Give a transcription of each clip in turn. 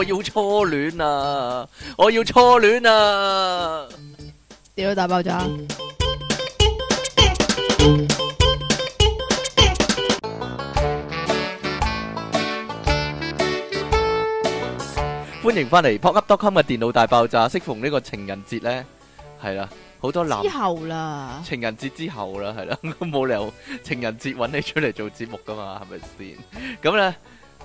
我要初戀啊！我要初戀啊！電腦大爆炸，歡迎翻嚟 Pockup.com 嘅電腦大爆炸。適逢呢個情人節咧，係啦，好多男之後啦，情人節之後啦，係啦，咁冇理由情人節搵你出嚟做節目㗎嘛，係咪先？咁咧。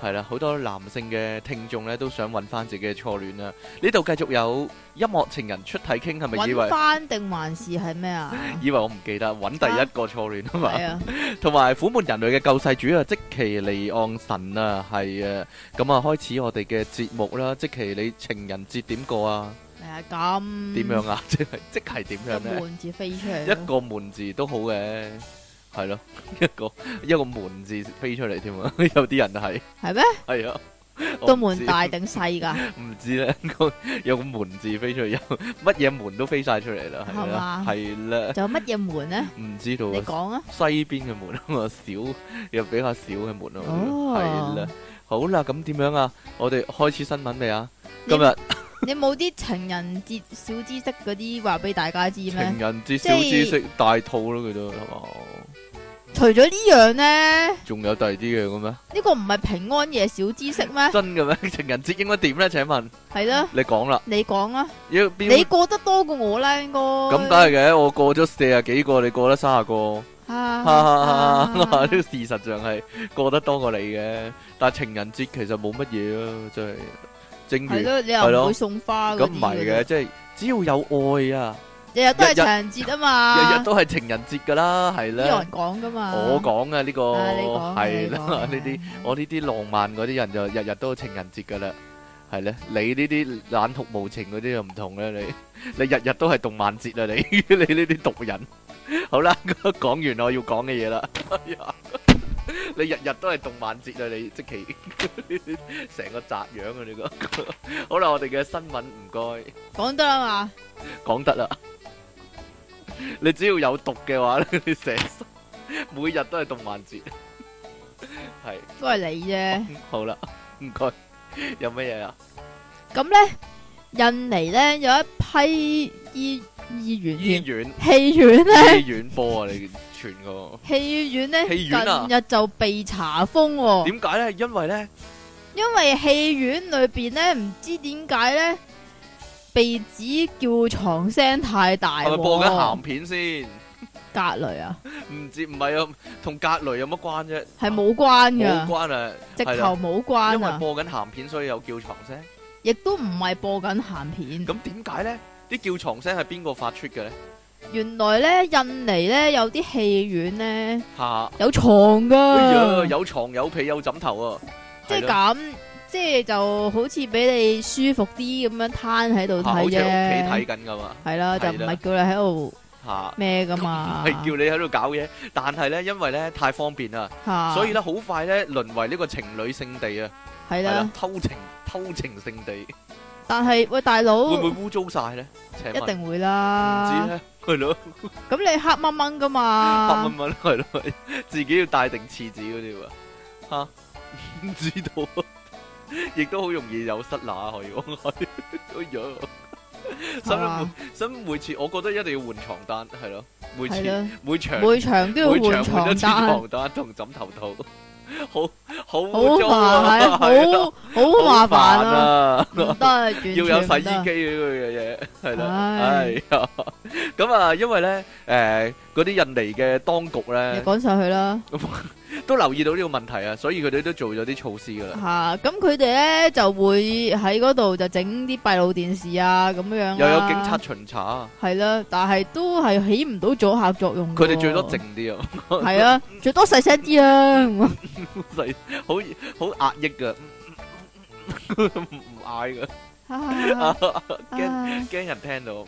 係啦，好多男性嘅聽眾咧都想揾翻自己嘅初戀啊。呢度繼續有音樂情人出體傾，係咪以為揾翻定還是係咩啊？ 以為我唔記得揾第一個初戀啊嘛。係啊麼。同埋苦悶人類嘅救世主啊，積淇離岸神啊，係啊。咁啊，開始我哋嘅節目啦。積淇你情人節點過啊？係啊、嗯，咁點樣，樣啊？即係即係點樣咧？一個門字飛出嚟，一個門字都好嘅、啊。係咯，一個一個門字飛出嚟添啊！有啲人係係咩？係啊嗎，個門大定細㗎？唔知咧，個有個門字飛出，有乜嘢門都飛晒出嚟啦，係啦嗎，係啦了，仲有乜嘢門咧？唔知道，你講啊！西邊嘅門啊，少又比較少嘅門啊，係啦、oh.，好啦，咁點樣啊？我哋開始新聞未啊？你今日天你冇啲情人節小知識嗰啲話俾大家知咩？情人節小知識即大套咯，佢都係嘛？哦除咗呢樣咧，仲有第二啲樣嘅咩？呢個唔係平安夜小知識咩？真嘅咩？情人節應該點咧？請問係咯？你講啦，你講啊！你過得多過我啦，應該咁梗係嘅。我過咗四啊幾個，你過得三啊個，啊，呢個事實上係過得多過你嘅。但係情人節其實冇乜嘢咯，真係。正如係咯，你又唔會送花咁，唔係嘅，即係只要有愛啊！日日都係情人節啊嘛，日日都係情人節噶啦，係啦。有人講噶嘛？我講啊呢個係啦呢啲，我呢啲浪漫嗰啲人就日日都情人節噶啦，係咧。你呢啲冷酷無情嗰啲又唔同啦，你你日日都係動漫節啊你，你呢啲毒人。好啦，講完我要講嘅嘢啦。你日日都係動漫節啊你，即其成個宅樣啊你個。好啦，我哋嘅新聞唔該。講得啦嘛。講得啦。.你只要有毒嘅話咧，你 成日每日都係動漫節，係 是都係你啫，嗯。好啦，唔該，有乜嘢啊？咁咧，印尼咧有一批醫醫院，醫院，醫院，戲院咧，戲院波啊！你全個戲院咧，院啊，近日就被查封，哦。點解咧？因為咧，因為戲院裏邊咧，唔知點解咧。鼻子叫床聲太大，係咪播緊咸片先？隔籬啊？唔知唔係啊，同隔籬有乜關啫？係冇關噶，冇關啊，直頭冇關啊。因為播緊咸片，所以有叫床聲。亦都唔係播緊咸片。咁點解咧？啲叫床聲係邊個發出嘅咧？原來咧，印尼咧有啲戲院咧，吓有床噶，有床有被有枕頭啊，即係咁。即係就好似俾你舒服啲咁樣攤喺度睇嘢，喺屋企睇緊噶嘛，係啦，就唔係叫你喺度咩噶嘛，係叫你喺度搞嘢。但係咧，因為咧太方便啦，所以咧好快咧淪為呢個情侶聖地啊，係啦，偷情偷情聖地。但係喂，大佬會唔會污糟晒咧？一定會啦。唔知咧，係咯。咁你黑掹掹噶嘛？黑掹掹係咯，自己要帶定廁紙嗰啲啊？吓，唔知道。亦都好容易有失乸 嗎，可以喎。哎呀，所以所以每次，我覺得一定要換床單，係咯，每次每場每場都要換床單，換咗次床單同枕頭套，好。好煩，係，好好麻煩啊，唔得啊，要有洗衣機呢樣嘢，係啦，哎呀，咁啊，因為咧，誒，嗰啲印尼嘅當局咧，你講晒佢啦，都留意到呢個問題啊，所以佢哋都做咗啲措施噶啦，吓，咁佢哋咧就會喺嗰度就整啲閉路電視啊，咁樣，又有警察巡查，係啦，但係都係起唔到阻吓作用，佢哋最多靜啲啊，係啊，最多細聲啲啊，細。好好壓抑噶，唔唔嗌噶，驚驚人聽到，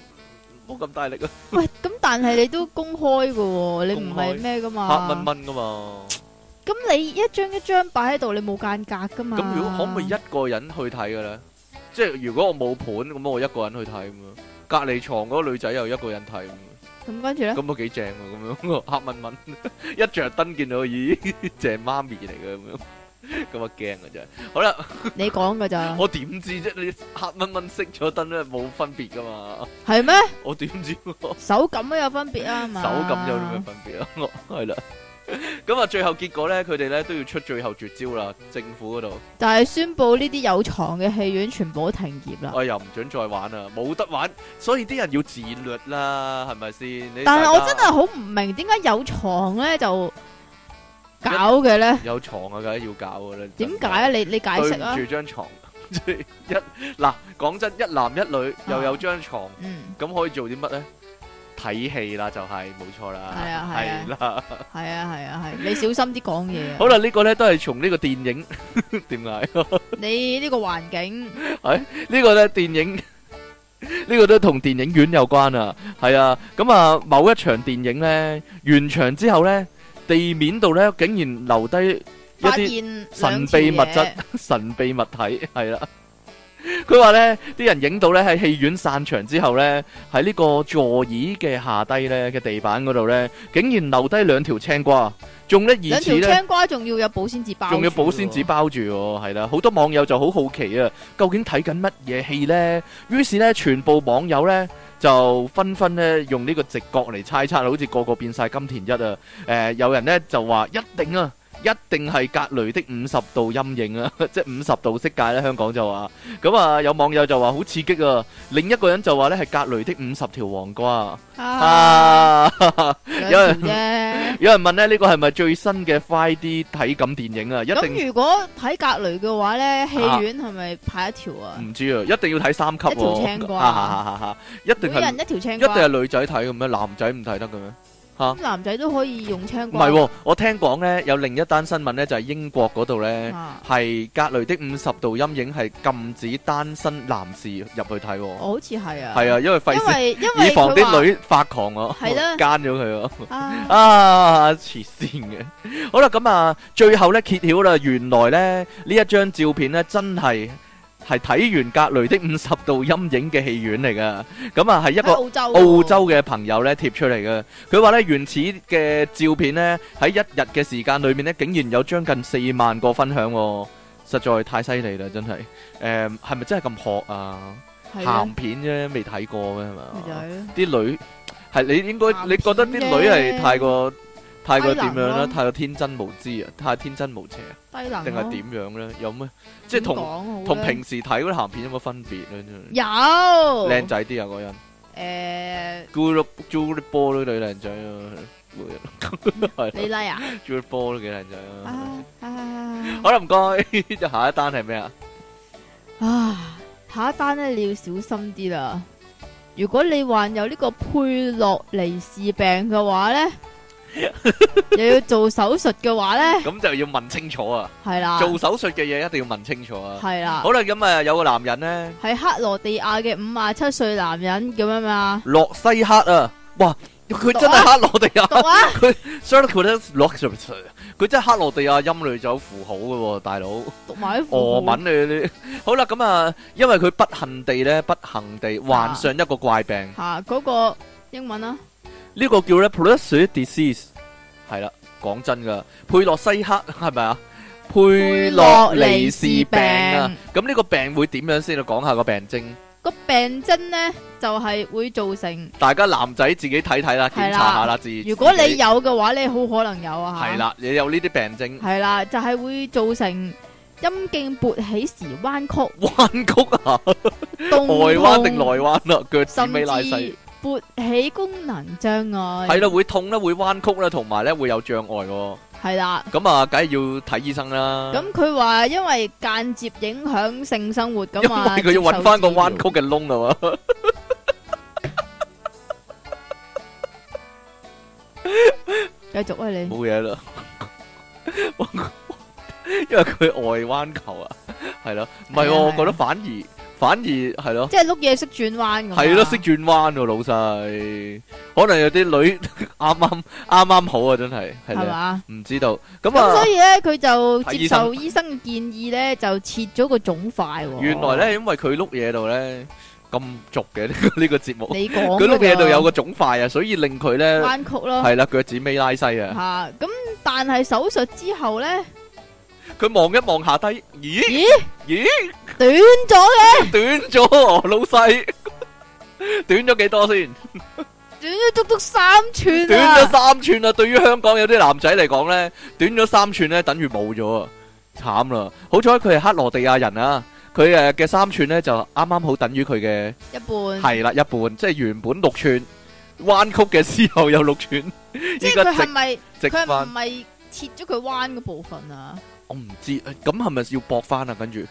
冇咁大力啊！喂，咁但係你都公開噶喎，你唔係咩噶嘛？黑蚊蚊噶嘛？咁你一張一張擺喺度，你冇間隔噶嘛？咁如果可唔可以一個人去睇嘅咧？即係如果我冇盤，咁我一個人去睇，隔籬床嗰個女仔又一個人睇。咁跟住咧，咁都幾正喎！咁樣個黑蚊蚊一著燈見到，咦，正媽咪嚟嘅咁樣，咁啊驚嘅咋。好啦，你講嘅咋？我點知啫？你黑蚊蚊熄咗燈咧，冇分別噶嘛？係咩？我點知？手感都有分別啊嘛？手感有咩分別啊？我係啦。咁啊，最後結果咧，佢哋咧都要出最後絕招啦，政府嗰度。但係宣佈呢啲有床嘅戲院全部都停業啦。哦，又唔准再玩啦，冇得玩，所以啲人要自律啦，係咪先？但係我真係好唔明，點解有床咧就搞嘅咧？有床啊，梗係要搞噶啦。點解啊？你你解釋啊？住張床，一嗱講真，一男一女又有張床，咁可以做啲乜咧？睇戲啦，就係冇錯啦，係啊，係啊，係啊，係啊，係啊，你小心啲講嘢。好啦，呢個呢都係從呢個電影點解？你呢個環境？係呢個呢電影呢個都同電影院有關啊。係啊，咁啊，某一場電影呢完場之後呢，地面度呢竟然留低一啲神秘物質、神秘物體，係啦。佢話呢啲人影到呢喺戲院散場之後呢，喺呢個座椅嘅下低呢嘅地板嗰度呢，竟然留低兩條青瓜，仲呢而，兩條青瓜仲要有保鮮紙包，仲要保鮮紙包住，係啦，好多網友就好好奇啊，究竟睇緊乜嘢戲呢？於是呢，全部網友呢，就紛紛呢用呢個直覺嚟猜測，好似個個變晒金田一啊！誒、呃，有人呢，就話一定啊！一定係格雷的五十度陰影啊， 即係五十度色戒。咧。香港就話咁啊，有網友就話好刺激啊。另一個人就話咧係格雷的五十條黃瓜。有人 有人問咧，呢、這個係咪最新嘅快 D 體感電影啊？咁如果睇格雷嘅話咧，戲院係咪派一條啊？唔、啊、知啊，一定要睇三級、啊。一條青瓜。一定係。人一條青瓜。一定係女仔睇嘅咩？男仔唔睇得嘅咩？啊、男仔都可以用青瓜。唔係、啊，我聽講呢，有另一單新聞呢，就係、是、英國嗰度呢，係、啊《格雷的五十度陰影》係禁止單身男士入去睇、啊。我好似係啊。係啊，因為費事，以防啲女發狂的 啊，奸咗佢啊。啊，黐線嘅。好啦，咁啊，最後呢，揭曉啦，原來呢，呢一張照片呢，真係。係睇完《格雷的五十度陰影》嘅戲院嚟噶，咁啊係一個澳洲嘅朋友呢，貼出嚟嘅。佢話呢，原始嘅照片呢，喺一日嘅時間裏面呢，竟然有將近四萬個分享，哦，實在太犀利啦！真係，誒係咪真係咁學啊？鹹片啫，未睇過咩？係咪？啲女係你應該，你覺得啲女係太過。太過點樣啦、啊？啊、太過天真無知啊！太天真無邪啊！低能定係點樣咧、啊？有咩即係同同平時睇嗰啲鹹片有乜分別咧？有靚仔啲啊！個人誒，做做啲波都幾靚仔啊！你拉啊，做波都幾靚仔啊！啊 好啦，唔該，就 下一單係咩啊？啊，下一單咧，你要小心啲啦。如果你患有個呢個佩洛尼氏病嘅話咧。又要做手術嘅話咧，咁就要問清楚啊。係啦，做手術嘅嘢一定要問清楚啊。係啦。好啦，咁啊，有個男人咧，係克羅地亞嘅五十七歲男人叫咩名啊？洛西克啊，哇！佢真係克羅地亞，佢 Croatian，佢真係克羅地亞音裏就有符號嘅，大佬。讀埋啲俄文你啲。好啦，咁啊，因為佢不幸地咧，不幸地患上一個怪病。吓，嗰個英文啊？呢個叫咧 Plastic Disease。係啦，講真噶，佩洛西克係咪啊？佩洛尼氏病啊，咁呢個病會點樣先？講下個病徵。個病徵咧就係會造成大家男仔自己睇睇啦，檢查下啦，如果你有嘅話咧，你好可能有啊。係啦，你有呢啲病徵。係啦，就係會造成陰莖勃起時彎曲。彎曲啊！內彎定外彎啊？腳趾尾拉細。勃起功能障礙，係啦，會痛啦，會彎曲啦，同埋咧會有障礙嘅。係啦，咁啊，梗係要睇醫生啦。咁佢話因為間接影響性生活咁啊，佢要揾翻個彎曲嘅窿啊嘛。繼續啊你，冇嘢啦，因為佢外彎球啊，係咯，唔係，我覺得反而。反而係咯，即係碌嘢識轉彎咁。係咯，識轉彎喎，老細，可能有啲女啱啱啱啱好啊，真係係嘛，唔知道咁啊。咁所以咧，佢就接受醫生嘅建議咧，就切咗個腫塊。原來咧，因為佢碌嘢度咧，咁俗嘅呢個節目，你講。佢碌嘢度有個腫塊啊，所以令佢咧彎曲咯，係啦，腳趾尾拉西啊。吓，咁但係手術之後咧，佢望一望下低，咦咦咦？短咗嘅， 短咗多，老細，短咗幾多先？短咗足足三寸、啊、短咗三寸啊！對於香港有啲男仔嚟講咧，短咗三寸咧，等於冇咗啊！慘啦！好彩佢係克羅地亞人啦、啊，佢誒嘅三寸咧就啱啱好等於佢嘅一半，係啦，一半，即係原本六寸彎曲嘅時候有六寸， 現在 即係佢係咪直翻？佢係咪切咗佢彎嘅部分啊？我唔知，咁係咪要駁翻啊？跟住、啊？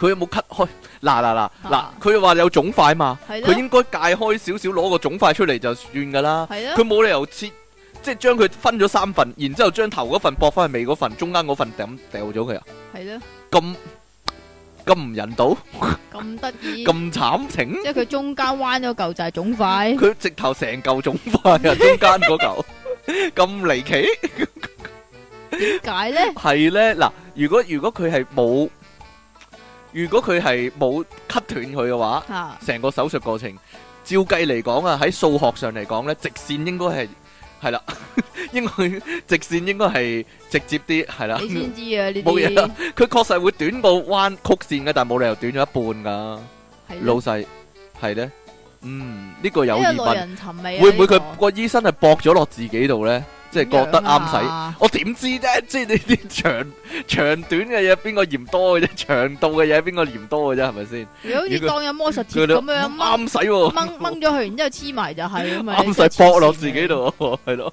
佢有冇 cut 開？嗱嗱嗱嗱，佢又話有腫塊嘛？佢應該界開少少，攞個腫塊出嚟就算㗎啦。佢冇理由切，即係將佢分咗三份，然之後將頭嗰份駁翻去尾嗰份，中間嗰份抌掉咗佢啊！係咯，咁咁唔人道，咁得意，咁慘情，即係佢中間彎咗嚿就係腫塊，佢直頭成嚿腫塊啊！中間嗰嚿咁離奇，點解咧係咧嗱，如果如果佢係冇。如果佢係冇 cut 斷佢嘅話，成個手術過程照計嚟講啊，喺數學上嚟講咧，直線應該係係啦，應該直線應該係直接啲係啦。你先知啊，呢啲冇嘢，佢確實會短過彎曲線嘅，但係冇理由短咗一半噶。老細係咧，嗯，呢個有意。因為耐人尋味。會唔會佢個醫生係駁咗落自己度咧？即係覺得啱使、啊，我點知啫？即係你啲長 長短嘅嘢，邊個嫌多嘅啫？長度嘅嘢，邊個嫌多嘅啫？係咪先？你好似當有魔術貼咁樣，啱使喎，掹掹咗佢，然之後黐埋就係、是，啱使搏落自己度，係咯。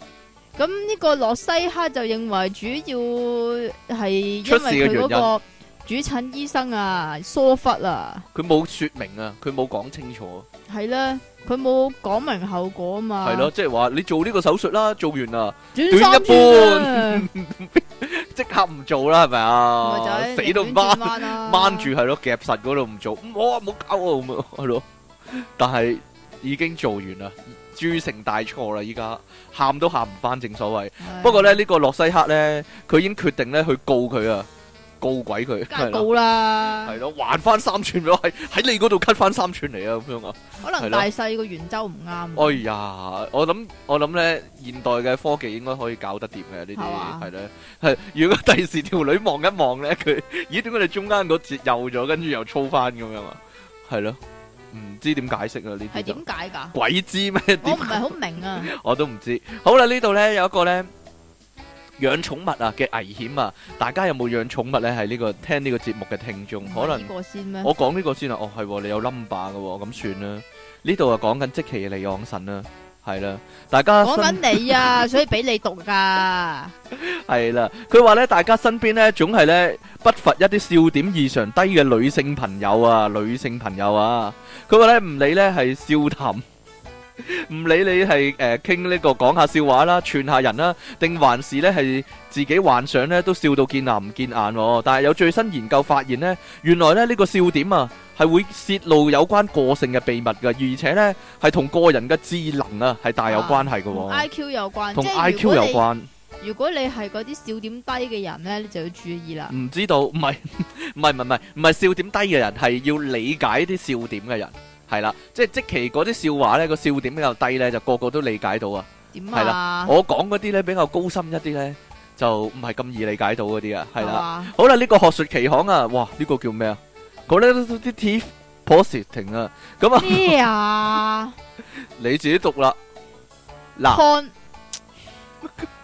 咁呢個羅西克就認為主要係因為佢、嗰個。主診醫生啊疏忽啊，佢冇說明啊，佢冇講清楚、啊。係啦，佢冇講明後果啊嘛。係咯，即係話你做呢個手術啦，做完啊，短一半，即、嗯、ー刻唔做啦，係咪啊？死都唔翻、啊，掹住係咯，夾實嗰度唔做，唔好啊，唔好搞啊，係咯。但係已經做完啦，鑄成大錯啦，依家喊都喊唔翻，正所謂。不過咧，呢個洛西克咧，佢已經決定咧去告佢啊。告鬼佢，梗係告啦，係咯，還翻三寸咯，喺喺你嗰度 cut 翻三寸嚟啊，咁樣啊，可能大細個圓周唔啱。哎呀，我諗我諗咧，現代嘅科技應該可以搞得掂嘅呢啲，係咧，係如果第時條女望一望咧，佢，咦，點解你中間嗰節幼咗，跟住又粗翻咁樣啊？係咯，唔知點解釋啊呢啲，係點解噶？鬼知咩？我唔係好明啊，我都唔知。好啦，呢度咧有一個咧。養寵物啊嘅危險啊，大家有冇養寵物咧？係呢個聽呢個節目嘅聽眾，可能我講呢個先啦。哦，係你有 number 嘅，咁算啦。呢度啊講緊積淇離岸神啦，係啦。大家講緊你啊，所以俾你讀噶。係啦，佢話咧，大家身邊咧總係咧不乏一啲笑點異常低嘅女性朋友啊，女性朋友啊，佢話咧唔理咧係笑談。唔理 你係誒傾呢個講下笑話啦，串下人啦，定還是呢？係自己幻想呢，都笑到見牙唔見眼，哦。但係有最新研究發現呢，原來咧呢，這個笑點啊係會泄露有關個性嘅秘密噶，而且呢，係同個人嘅智能啊係大有關係噶、哦。啊、IQ 有關，同 IQ 有關。如果你係嗰啲笑點低嘅人呢，你就要注意啦。唔知道，唔係，唔 係，唔係，唔係，唔係笑點低嘅人，係要理解啲笑點嘅人。係啦，即係即期嗰啲笑話咧，個笑點比較低咧，就個個都理解到啊。點啊？我講嗰啲咧比較高深一啲咧，就唔係咁易理解到嗰啲啊。係啦，好啦，呢個學術期刊啊，哇！呢個叫咩啊？嗰啲啲 cognitive processing 啊，咁啊？咩啊？你自己讀啦。嗱，con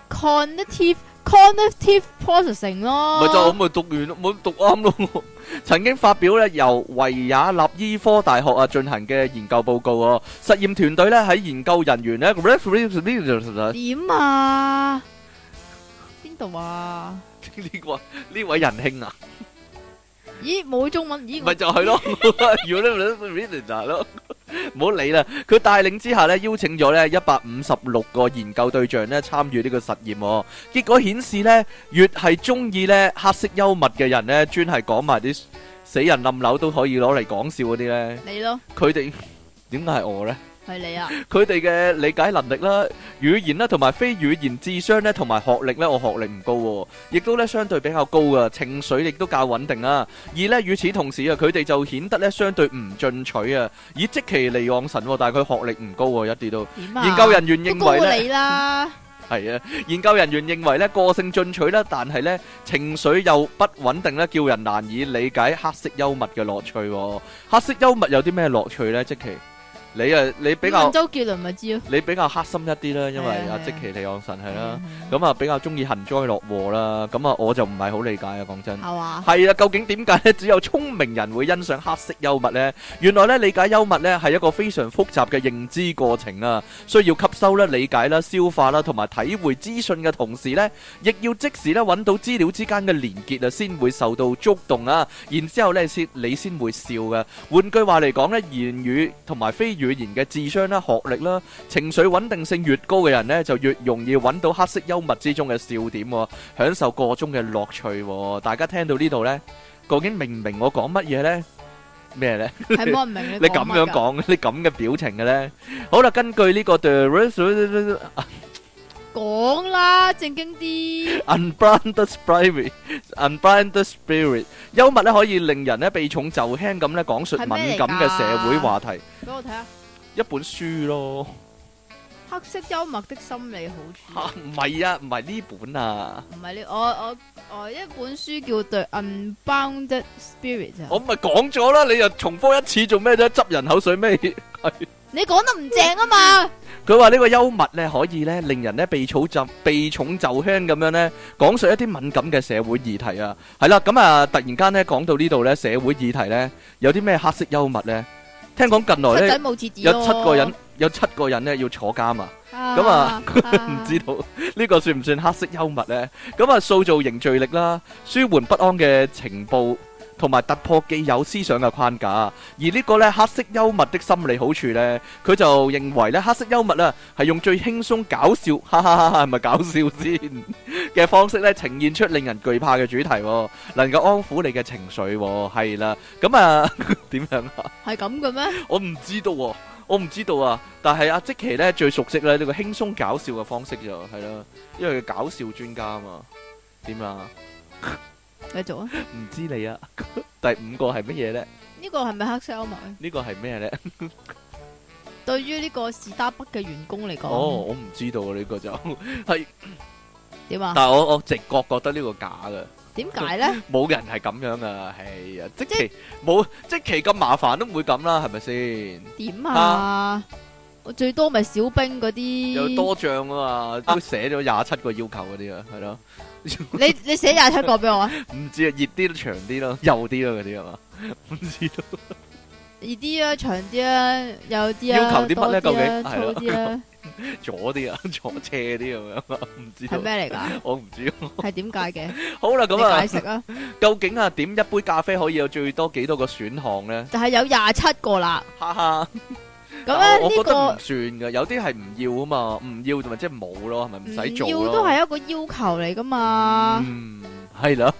cognitive cognitive processing 咯。咪就咁咪讀完，冇讀啱咯。曾經發表咧由維也納醫科大學啊進行嘅研究報告喎、啊，實驗團隊咧喺研究人員咧點呢度啊？邊度啊？呢個呢位仁兄啊？ 咦，冇中文，咦？咪就係咯，如果咧唔好理啦，佢帶領之下邀請咗呢一百五十六個研究對象參與呢個實驗，結果顯示呢，越係鍾意呢黑色幽默嘅人呢，專係講埋啲死人冧樓都可以攞嚟講笑嗰啲呢，你囉，佢哋，點解係我呢？係你啊！佢哋嘅理解能力啦、語言啦同埋非語言智商咧、同埋學歷咧，我學歷唔高，亦都咧相對比較高噶，情緒亦都較穩定啦。而咧與此同時啊，佢哋就顯得咧相對唔進取啊。以積淇離岸神，但係佢學歷唔高，一啲都。研究人員認為咧，係啊，研究人員認為咧，個性進取啦，但係咧情緒又不穩定咧，叫人難以理解黑色幽默嘅樂趣。黑色幽默有啲咩樂趣咧？積淇。你誒你比較，問周杰倫咪知咯？你比較黑心一啲啦，因為阿積淇離岸神係啦，咁啊比較中意幸災樂禍啦，咁啊我就唔係好理解啊，講真係嘛？係啊，究竟點解咧只有聰明人會欣賞黑色幽默咧？原來咧理解幽默咧係一個非常複雜嘅認知過程啊，需要吸收啦、理解啦、消化啦，同埋體會資訊嘅同時咧，亦要即時咧揾到資料之間嘅連結啊，先會受到觸動啊，然之後咧先你先會笑噶。換句話嚟講咧，言語同埋非語。語言嘅智商啦、學歷啦、情緒穩定性越高嘅人呢，就越容易揾到黑色幽默之中嘅笑點喎，享受個中嘅樂趣。大家聽到呢度呢，究竟明唔明我講乜嘢呢？咩呢？係我唔明啊！你咁樣講，你咁嘅表情嘅呢。好啦，根據呢個 The。講啦，正經啲。Unbound spirit，unbound spirit，幽默咧可以令人咧避重就輕咁咧講述敏感嘅社會話題。俾我睇下，一本書咯。黑色幽默的心理好處。吓，唔係啊，唔係呢本啊。唔係呢，我我我一本書叫《對 unbound spirit》啊。我唔係講咗啦，你又重複一次做咩啫？執人口水咩？你講得唔正啊嘛？佢話呢個幽默咧，可以咧令人咧避草就避重就輕咁樣咧，講述一啲敏感嘅社會議題啊。係啦，咁啊突然間咧講到呢度咧，社會議題咧有啲咩黑色幽默咧？聽講近來咧、哦、有七個人有七個人咧要坐監啊！咁啊唔、啊、知道呢、啊、個算唔算黑色幽默咧？咁啊塑造凝聚力啦，舒緩不安嘅情報。同埋突破既有思想嘅框架，而呢個咧黑色幽默的心理好處咧，佢就認為咧黑色幽默啊係用最輕鬆搞笑，哈哈哈，係咪搞笑先嘅方式咧，呈現出令人懼怕嘅主題喎，能夠安撫你嘅情緒喎，係啦，咁啊點樣啊？係咁嘅咩？我唔知道，我唔知道啊！但係阿積淇咧最熟悉咧呢個輕鬆搞笑嘅方式就係啦，因為佢搞笑專家嘛，點啊？繼續啊！唔知你啊，第五個係乜嘢咧？呢個係咪黑色幽默？呢個係咩咧？對於呢個士達北嘅員工嚟講哦，我唔知道啊！呢個就係點啊？但係我我直覺覺得呢個假㗎。點解咧？冇人係咁樣㗎！係呀，即其冇即其咁麻煩都唔會咁啦，係咪先？點啊？我最多咪小兵嗰啲有多將啊嘛，都寫咗廿七個要求嗰啲啊，係咯。 你你寫廿七個俾我啊？唔知啊，熱啲都長啲咯，幼啲咯，嗰啲係嘛？唔知道。熱啲啊，長啲啊，幼啲啊，要求啲乜咧？啊、究竟係咯？啊、了 左啲啊，左斜啲咁樣，唔知道係咩嚟噶？我唔知。係點解嘅？ 好啦，咁食啊，究竟啊，點一杯咖啡可以有最多幾多個選項咧？就係有廿七個啦。哈哈。咁咧呢個唔算噶有啲係唔要啊嘛，唔要同埋即係冇咯，係咪唔使做咯？唔要都係一個要求嚟噶嘛。嗯，係啦。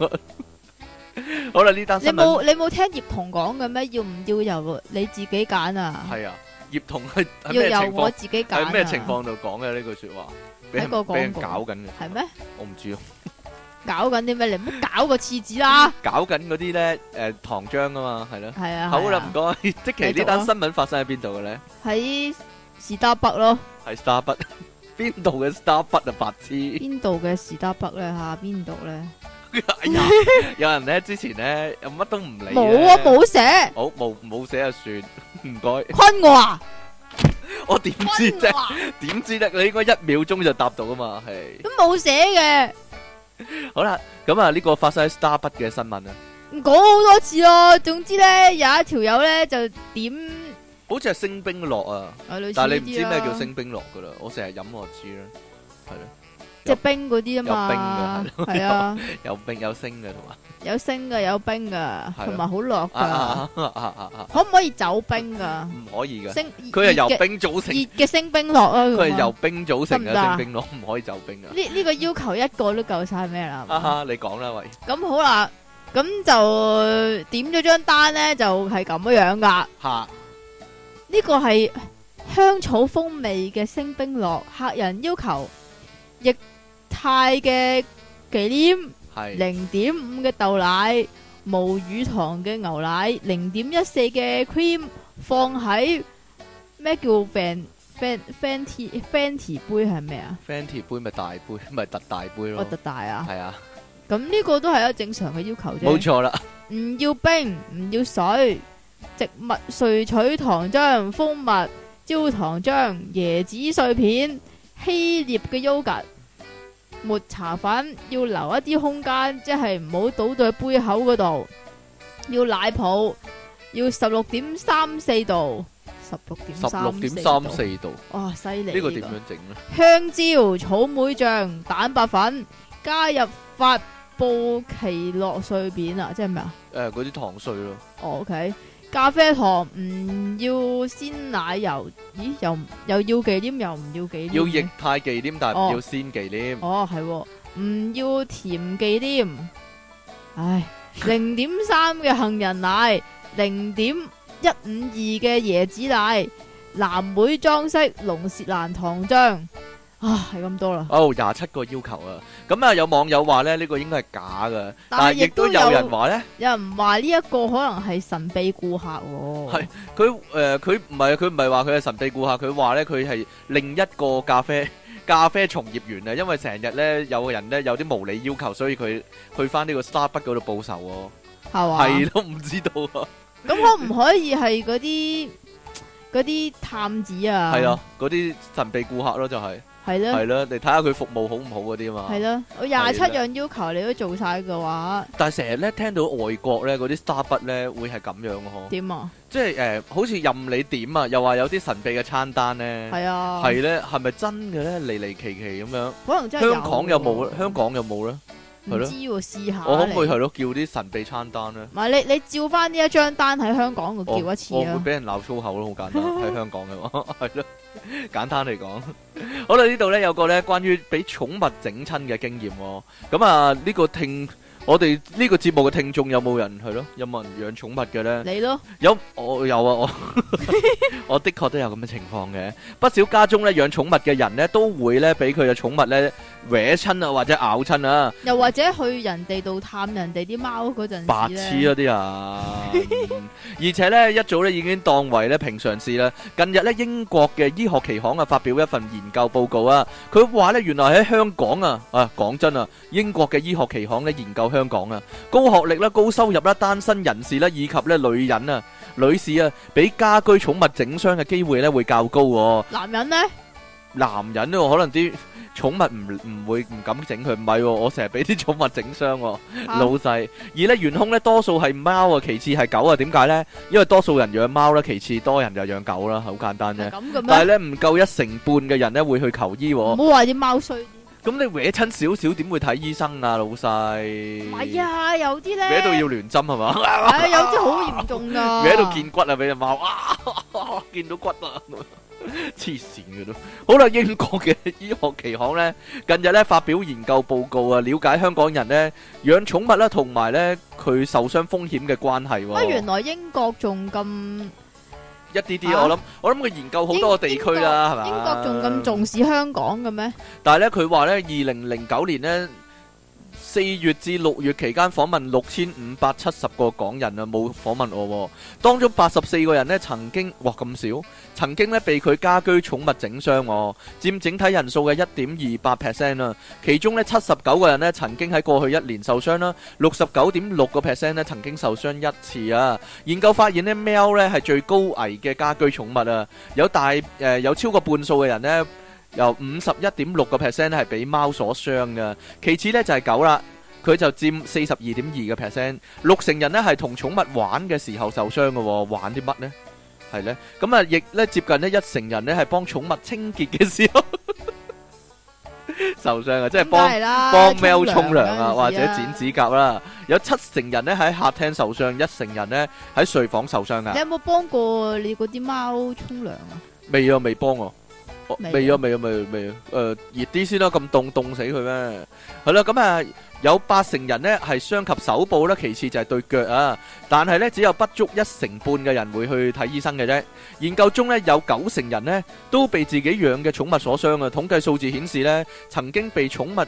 好啦，呢單你冇你冇聽葉童講嘅咩？要唔要由你自己揀啊？係啊，葉童係要由我自己揀。喺咩情況度講嘅呢句說話？俾個俾人搞緊嘅係咩？我唔知啊。搞緊啲咩？你唔好搞個廁紙啦！搞緊嗰啲咧，誒，糖漿啊嘛，係咯。係啊。好啦，唔該。即係呢單新聞發生喺邊度嘅咧？喺士多北咯。係士多北？邊度嘅士多北啊？白痴。邊度嘅士多北咧？吓，邊度咧？有人咧，之前咧，有乜都唔理。冇啊，冇寫。好，冇冇寫啊，算，唔該。昆我啊？我點知啫？點知得？你應該一秒鐘就答到啊嘛，係。都冇寫嘅。 好啦，咁啊，呢個發生喺 Starbucks 嘅新聞啊，講好多次咯，啊。總之咧，有一條友咧就點，好似係星冰樂啊，啊但係都 你唔知咩叫星冰樂噶啦，啊，我成日飲我就知啦，係咯。即係冰嗰啲啊嘛，係啊，有冰有星噶嘛，同埋有星噶有冰噶，同埋好落噶，可唔可以走冰噶？唔可以噶，佢係由冰組成，熱嘅星冰樂啊，佢係由冰組成嘅星冰樂，唔可以走冰噶。呢呢個要求一個都夠晒咩啦？啊哈，你講啦喂。咁好啦，咁就點咗張單咧，就係咁樣樣噶。吓，呢個係香草風味嘅星冰樂，客人要求亦。泰嘅忌廉，零點五嘅豆奶，無乳糖嘅牛奶，零點一四嘅 cream，放喺咩叫 Fen Fen Fenty 杯係咩啊 Fenty 杯咪大杯咪特大杯咯，哦、特大啊，係啊。咁呢個都係一正常嘅要求啫，冇錯沒錯啦。 唔要冰，唔要水，植物萃取糖漿、蜂蜜、焦糖漿、椰子碎片、希臘嘅 yogurt 抹茶粉要留一啲空間，即係唔好倒到喺杯口嗰度，要奶泡，要十六點三四度，十六點十六點三四度，哇犀利！呢、哦、個點樣整呢？香蕉、草莓醬、蛋白粉加入法布奇諾碎片啊，即係咩啊？誒、呃，嗰啲糖碎咯。O K、哦。Okay 咖啡糖唔要鮮奶油，咦？又又要忌廉又唔要忌廉，要液態忌廉但係唔要鮮忌廉。哦，係，唔要甜忌廉。唉，零點三嘅杏仁奶，零點一五二嘅椰子奶，藍莓裝飾龍舌蘭糖漿。啊，係咁多啦！哦，廿七個要求啊！咁啊，有網友話咧，呢個應該係假噶，但係亦都有人話咧，有人話呢一個可能係神秘顧客。係佢誒，佢唔係佢唔係話佢係神秘顧客，佢話咧佢係另一個咖啡咖啡從業員啊！因為成日咧有個人咧有啲無理要求，所以佢去翻呢個 Starbucks 嗰度報仇。係嘛，係都唔知道。咁可唔可以係嗰啲嗰啲探子啊？係啊，嗰啲神秘顧客咯，就係。係咯，係咯，你睇下佢服務好唔好嗰啲啊嘛。係咯，我廿七樣要求你都做晒嘅話，但係成日咧聽到外國咧嗰啲 Starbucks 咧會係咁樣嘅嗬。點啊？即係誒，好似任你點啊，又話有啲神秘嘅餐單咧。係啊。係咧，係咪真嘅咧？離離奇奇咁樣。可能真係。香港有冇香港有冇咧？唔知，試下。我可唔可以係咯叫啲神秘餐單咧？唔係，你你照翻呢一張單喺香港我叫一次啊！我會俾人鬧粗口咯，好簡單喺香港嘅話，係咯。簡單嚟講， 好啦，呢度咧有個咧關於俾寵物整親嘅經驗、哦，咁、嗯、啊呢、呢個聽。我哋呢個節目嘅聽眾有冇人係咯？有冇人養寵物嘅咧？你咯，有我有啊，我我的確都有咁嘅情況嘅。不少家中咧養寵物嘅人咧，都會咧俾佢嘅寵物咧搲親啊，或者咬親啊，又或者去人哋度探人哋啲貓嗰陣，白痴嗰啲啊！而且咧一早咧已經當為咧平常事啦。近日咧英國嘅醫學期刊啊發表一份研究報告啊，佢話咧原來喺香港啊啊講真啊，英國嘅醫學期刊咧研究。香港啊，高學歷啦，高收入啦，單身人士啦，以及咧女人啊、女士啊，俾家居寵物整傷嘅機會咧會較高。男人咧？男人哦，可能啲寵物唔唔會唔敢整佢，唔係，我成日俾啲寵物整傷，老細。而咧元兇咧，多數係貓啊，其次係狗啊，點解咧？因為多數人養貓啦，其次多人就養狗啦，好簡單啫。咁嘅咩？但係咧，唔夠一成半嘅人咧會去求醫。唔好話啲貓衰。咁你搲親少少點會睇醫生啊，老細？係啊，有啲咧搲到要聯針係嘛，係啊，有啲好嚴重噶，搲到見骨啊，畀隻貓啊，見到骨啊，黐線嘅都。好啦，英國嘅醫學期刊咧近日咧發表研究報告啊，了解香港人咧養寵物啦，同埋咧佢受傷風險嘅關係。喎，原來英國仲咁。一啲啲、啊，我諗我諗佢研究好多個地區啦，係咪？英國仲咁吧重視香港嘅咩？但係咧，佢話咧，二零零九年咧。四月至六月期間訪問六千五百七十個港人啊，冇訪問我。當中八十四個人咧曾經，哇咁少，曾經咧被佢家居寵物整傷，佔整體人數嘅一點二八 percent 啦。其中呢七十九個人咧曾經喺過去一年受傷啦，六十九點六個 percent 咧曾經受傷一次啊。研究發現咧，貓咧係最高危嘅家居寵物啊，有大誒、呃、有超過半數嘅人咧。由五十一點六個 percent 咧，係俾貓所傷噶，其次咧就係狗啦，佢就佔四十二點二個 percent，六成人咧係同寵物玩嘅時候受傷嘅，玩啲乜咧？係咧，咁啊，亦咧接近咧一成人咧係幫寵物清潔嘅時候受傷嘅，即係幫幫貓沖涼啊，或者剪指甲啦。有七成人咧喺客廳受傷，一成人咧喺睡房受傷噶。你有冇幫過你嗰啲貓沖涼啊？未啊，未幫我。未啊，未啊，未，未，誒，熱啲先啦，咁凍凍死佢咩？係啦，咁啊，有八成人呢係傷及手部啦，其次就係對腳啊，但係呢只有不足一成半嘅人會去睇醫生嘅啫。研究中呢有九成人呢都被自己養嘅寵物所傷啊，統計數字顯示呢曾經被寵物。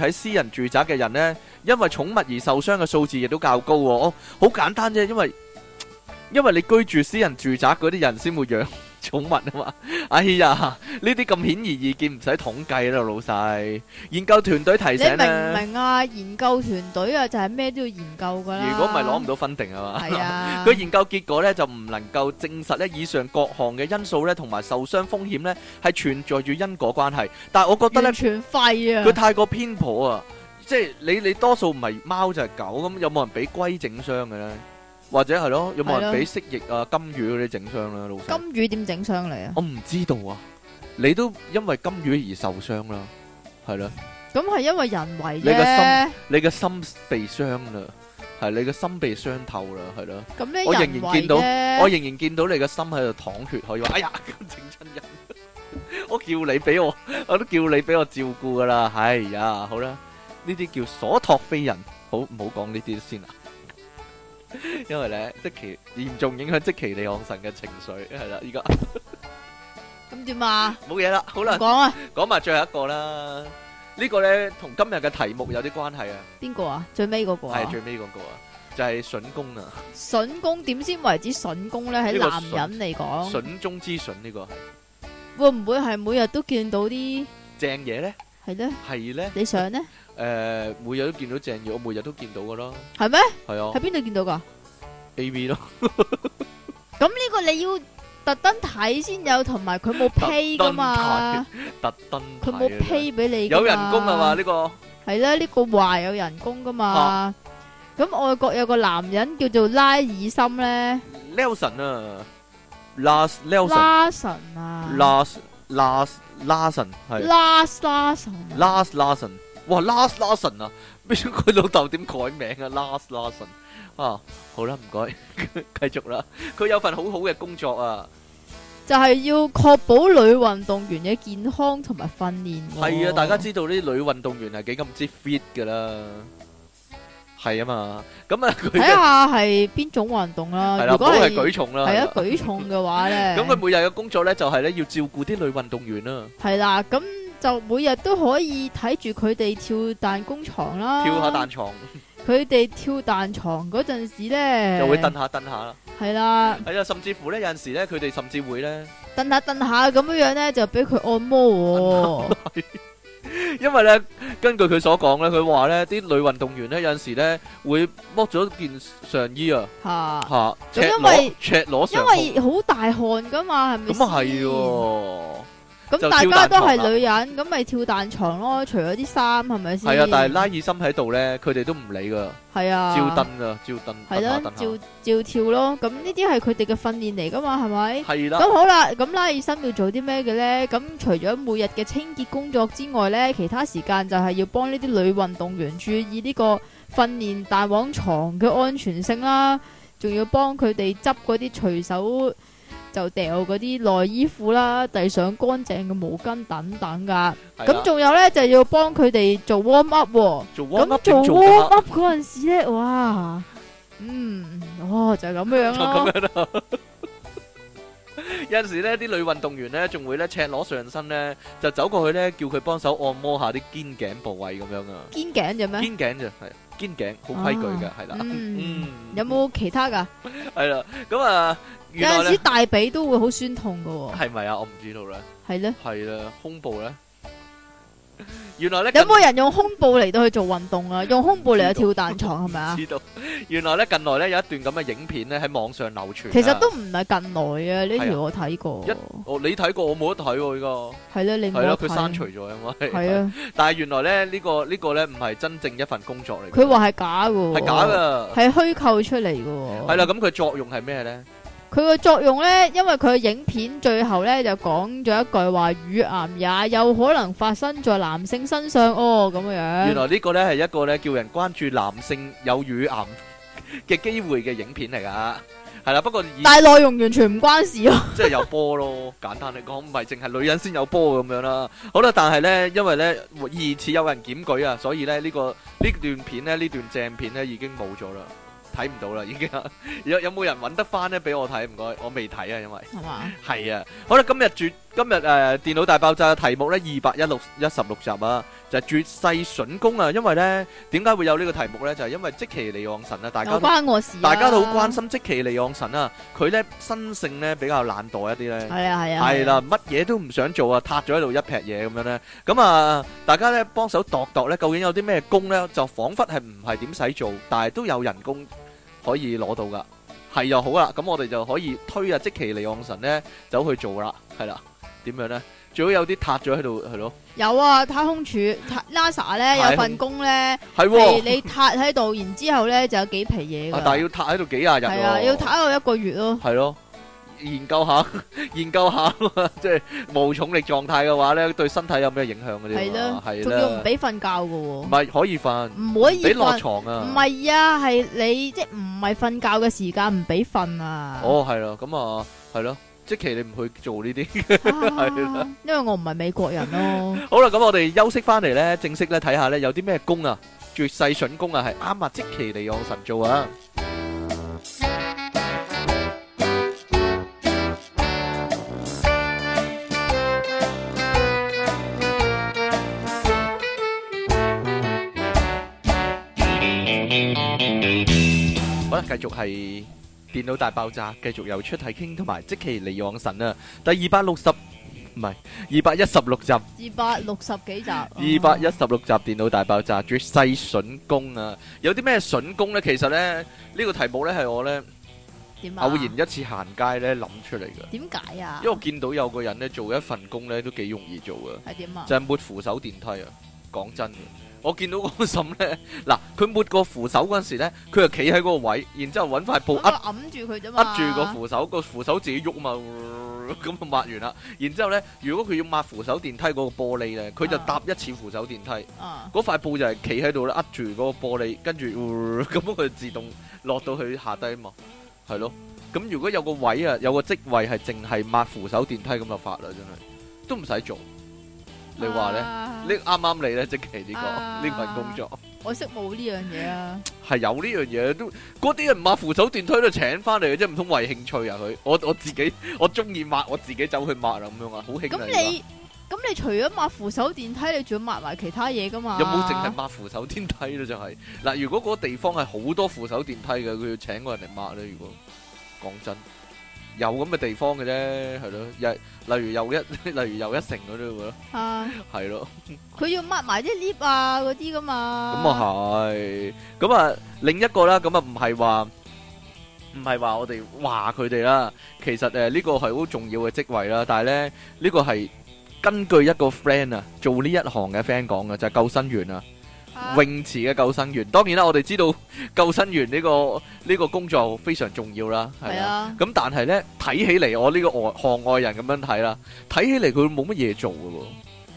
喺私人住宅嘅人咧，因為寵物而受傷嘅數字亦都較高哦。哦，好簡單啫，因為因為你居住私人住宅啲人先會養。 寵物啊嘛，哎呀，呢啲咁顯而易見唔使統計啦，老細研究團隊提醒啦。你明唔明啊？研究團隊啊，就係咩都要研究噶啦。如果唔係攞唔到 funding 啊嘛。係啊。佢研究結果咧就唔能夠證實咧以上各項嘅因素咧同埋受傷風險咧係存在住因果關係，但係我覺得咧全廢啊。佢太過偏頗啊！即係你你多數唔係貓就係狗咁，有冇人俾龜整傷嘅咧？或者係咯，有冇人俾蜥蜴啊、金魚嗰啲整傷咧？老金魚點整傷你啊？我唔知道啊！你都因為金魚而受傷啦，係咯？咁係因為人為啫。你嘅心，你嘅心被傷啦，係你嘅心被傷透啦，係咯？咁呢人為啫？我仍然見到，我仍然見到你嘅心喺度淌血，可以話哎呀，咁整親人，我叫你俾我，我都叫你俾我照顧噶啦，係呀，好啦，呢啲叫所託非人，好唔好講呢啲先啊？因為咧，積淇嚴重影響積淇離岸神嘅情緒係啦，依家咁點啊？冇嘢啦，好啦，講啊，講埋最後一個啦。呢個咧同今日嘅題目有啲關係啊。邊個啊？最尾嗰個啊？係最尾嗰個啊？就係筍工啊！筍工點先為之筍工咧？喺男人嚟講，笋中之笋呢個係會唔會係每日都見到啲正嘢咧？係咧，係咧，你想咧？誒，每日都見到鄭耀，我每日都見到噶咯。係咩？係啊，喺邊度見到噶？A V 咯。咁呢個你要特登睇先有，同埋佢冇 pay 噶嘛？特登佢冇 pay 俾你。有人工係嘛？呢個係啦，呢個話有人工噶嘛？咁外國有個男人叫做拉爾森咧。Nelson 啊，Lars Larsen 啊，Lars Lars Larsen Lars Larsen Lars Larsen 哇，Last Larson 啊，唔知佢老豆點改名啊，Last Larson 啊，好啦，唔該，繼續啦。佢有份好好嘅工作啊，就係要確保女運動員嘅健康同埋訓練。係啊，大家知道啲女運動員係幾咁之 fit 噶啦，係啊嘛。咁啊，佢睇下係邊種運動啦。係啦，都係舉重啦。係啊，舉重嘅話咧，咁佢每日嘅工作咧就係咧要照顧啲女運動員啊。係啦，咁。就每日都可以睇住佢哋跳彈弓床啦，跳下彈床。佢哋跳彈床嗰陣時咧，就會蹬下蹬下啦。係啦，係啊，甚至乎咧有陣時咧，佢哋甚至會咧蹬下蹬下咁樣樣咧，就俾佢按摩喎。因為咧，根據佢所講咧，佢話咧啲女運動員咧有陣時咧會剝咗件上衣啊，吓，因為赤裸因為好大汗噶嘛，係咪咁啊？係。咁大家都係女人，咁咪跳彈床咯？除咗啲衫，係咪先？係啊，但係拉爾森喺度咧，佢哋都唔理噶。係啊，照燈啊，照燈係咯，照照跳咯。咁呢啲係佢哋嘅訓練嚟噶嘛？係咪？係啦的。咁好啦，咁拉爾森要做啲咩嘅咧？咁除咗每日嘅清潔工作之外咧，其他時間就係要幫呢啲女運動員注意呢個訓練彈簧床嘅安全性啦，仲要幫佢哋執嗰啲隨手。就掉嗰啲內衣褲啦，遞上乾淨嘅毛巾等等噶。咁仲有咧，就要幫佢哋做 warm up。做 warm up 嗰陣時咧，哇，嗯，哦，就係咁樣咯。有陣時咧，啲女運動員咧，仲會咧赤裸上身咧，就走過去咧，叫佢幫手按摩下啲肩頸部位咁樣啊。肩頸啫咩？肩頸啫，係肩頸好規矩嘅，係啦。嗯，有冇其他噶？係啦，咁啊。有陣時大髀都會好酸痛噶，係咪啊？我唔知道咧，係咧，係啦，胸部咧，原來咧，有冇人用胸部嚟到去做運動啊？用胸部嚟到跳彈床係咪啊？知道，原來咧，近來咧有一段咁嘅影片咧喺網上流傳。其實都唔係近來啊，呢條我睇過。一，你睇過我冇得睇喎呢個。係咧，你冇得睇。佢刪除咗啊嘛。係啊，但係原來咧呢個呢個咧唔係真正一份工作嚟。佢話係假噶，係假噶，係虛構出嚟噶。係啦，咁佢作用係咩咧？佢個作用咧，因為佢影片最後咧就講咗一句話：乳癌也有可能發生在男性身上哦，咁樣。原來呢個咧係一個咧叫人關注男性有乳癌嘅機會嘅影片嚟噶，係啦。不過但係內容完全唔關事啊。即係有波咯，簡單嚟講，唔係淨係女人先有波咁樣啦。好啦，但係咧，因為咧疑似有人檢舉啊，所以咧呢個呢段片咧呢段正片咧已經冇咗啦。睇唔到啦，已經有有冇人搵得返咧俾我睇？唔該，我未睇啊，因為係啊，好啦，今日絕今日誒電腦大爆炸嘅題目咧，二百一六一十六集啊，就係絕世筍工啊，因為咧點解會有呢個題目咧？就係因為積淇離岸神啦，大家大家都好關心積淇離岸神啊，佢咧身性咧比較懶惰一啲咧，係啊係啊，係啦，乜嘢都唔想做啊，撻咗喺度一撇嘢咁樣咧，咁啊大家咧幫手度度咧，究竟有啲咩工咧？就彷彿係唔係點使做，但係都有人工。可以攞到噶，係又好啦，咁我哋就可以推啊，積淇離岸神咧走去做啦，係啦，點樣咧？最好有啲塔咗喺度，係咯，有啊，太空柱，NASA 咧空有份工咧，係的譬如你塔喺度，然之後咧就有幾皮嘢，啊，但係要塔喺度幾廿日，係啊，要塔到一個月咯，啊，係咯。研究下，研究下，即係無重力狀態嘅話咧，對身體有咩影響嗰啲？係咯，係啦。仲要唔俾瞓覺噶喎？唔係可以瞓，唔可以瞓，俾落床啊？唔係啊，係你即係唔係瞓覺嘅時間唔俾瞓啊？哦，係啦，咁啊，係咯，積淇你唔去做呢啲，係啦。因為我唔係美國人咯。好啦，咁我哋休息翻嚟咧，正式咧睇下咧有啲咩工啊，絕世筍工啊，係啱啊，積淇嚟用神做啊！繼續係電腦大爆炸，繼續又出體 king 同埋積淇離岸神啊！第二百六十唔係二百一十六集，二百六十幾集，二百一十六集電腦大爆炸，絕世筍工啊！有啲咩笋工呢？其實呢呢個題目呢係我呢偶然一次行街呢諗出嚟㗎。點解啊？因為我見到有個人呢做一份工呢都幾容易做嘅。係點啊？就係抹扶手電梯啊！講真嘅。我見到個嬸咧，嗱，佢抹個扶手嗰陣時咧，佢就企喺個位，然之後揾塊布握住佢啫嘛，握住個扶手，個扶手自己喐嘛，咁、呃、就抹完啦。然之後咧，如果佢要抹扶手電梯嗰個玻璃咧，佢就搭一次扶手電梯，嗰、啊啊、塊布就係企喺度咧握住嗰個玻璃，跟住咁佢自動落到去下低啊嘛，係咯。咁如果有個位啊，有個職位係淨係抹扶手電梯咁就發啦，真係都唔使做。你話咧，啊這個、剛剛呢啱啱你咧？即其呢個呢份、啊、工作，我識冇呢樣嘢啊，係 有呢樣嘢都嗰啲人抹扶手電梯都請翻嚟嘅，即唔通為興趣啊？佢我我自己我中意抹，我自己走去抹啦咁樣啊，好興。咁你咁你除咗抹扶手電梯，你仲要抹埋其他嘢噶嘛？有冇淨係抹扶手電梯咧？就係、是、嗱，如果嗰個地方係好多扶手電梯嘅，佢要請個人嚟抹咧。如果講真。有咁嘅地方嘅啫，係咯，又例如又一，例如又一城嗰啲咪咯，係咯，佢要抹埋啲 lift 啊嗰啲噶嘛，咁啊係，咁啊另一個啦，咁啊唔係話唔係話我哋話佢哋啦，其實誒呢個係好重要嘅職位啦，但係咧呢個係根據一個 friend 啊做呢一行嘅 friend 講嘅就係救生員啊。泳池嘅救生員，當然啦，我哋知道救生員呢個呢個工作非常重要啦，係啊。咁但係咧，睇起嚟我呢個外行外人咁樣睇啦，睇起嚟佢冇乜嘢做噶喎。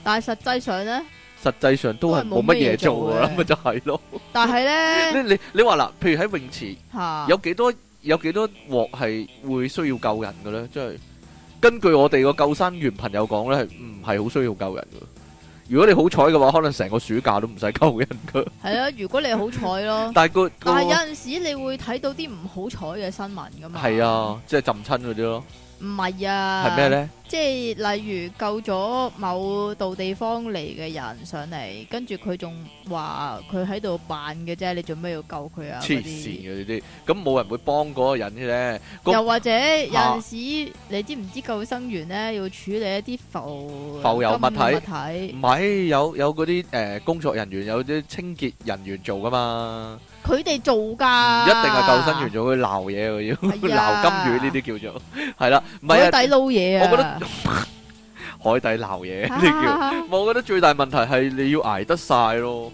但係實際上咧，實際上都係冇乜嘢做噶啦，咪就係咯。但係咧，你你你話啦，譬如喺泳池，有幾多有幾多鑊係會需要救人嘅咧？即係根據我哋個救生員朋友講咧，唔係好需要救人噶。如果你好彩嘅話，可能成個暑假都唔使救人噶。係啊，如果你好彩咯。 但係、嗰個、有陣時你會睇到啲唔好彩嘅新聞噶嘛。係啊，即係浸親嗰啲咯。唔係啊！係咩呢？即係例如救咗某度地方嚟嘅人上嚟，跟住佢仲話佢喺度扮嘅啫，你做咩要救佢啊？黐線嘅呢啲，咁冇人會幫嗰個人嘅。又或者有陣、啊、時，你知唔知救生員咧要處理一啲浮浮油物體？唔係，有有嗰啲誒工作人員，有啲清潔人員做噶嘛。佢哋做噶，一定係救生員仲會鬧嘢，要鬧金魚呢啲叫做係啦，唔係海底撈嘢啊！我覺得海底撈嘢呢啲叫。我覺得最大問題係你要挨得晒咯，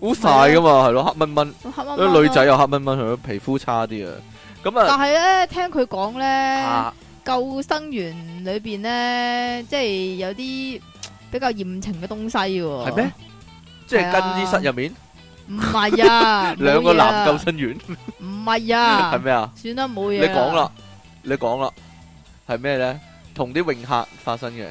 好曬噶嘛係咯黑蚊蚊，啲女仔又黑蚊蚊，佢皮膚差啲啊。咁啊，但係咧聽佢講咧，救生員裏邊咧，即係有啲比較艷情嘅東西嘅，係咩？即係更衣室入面。唔係啊，兩個男救生員。唔係啊，係咩啊？算啦，冇嘢。你講啦，你講啦，係咩咧？同啲泳客發生嘅？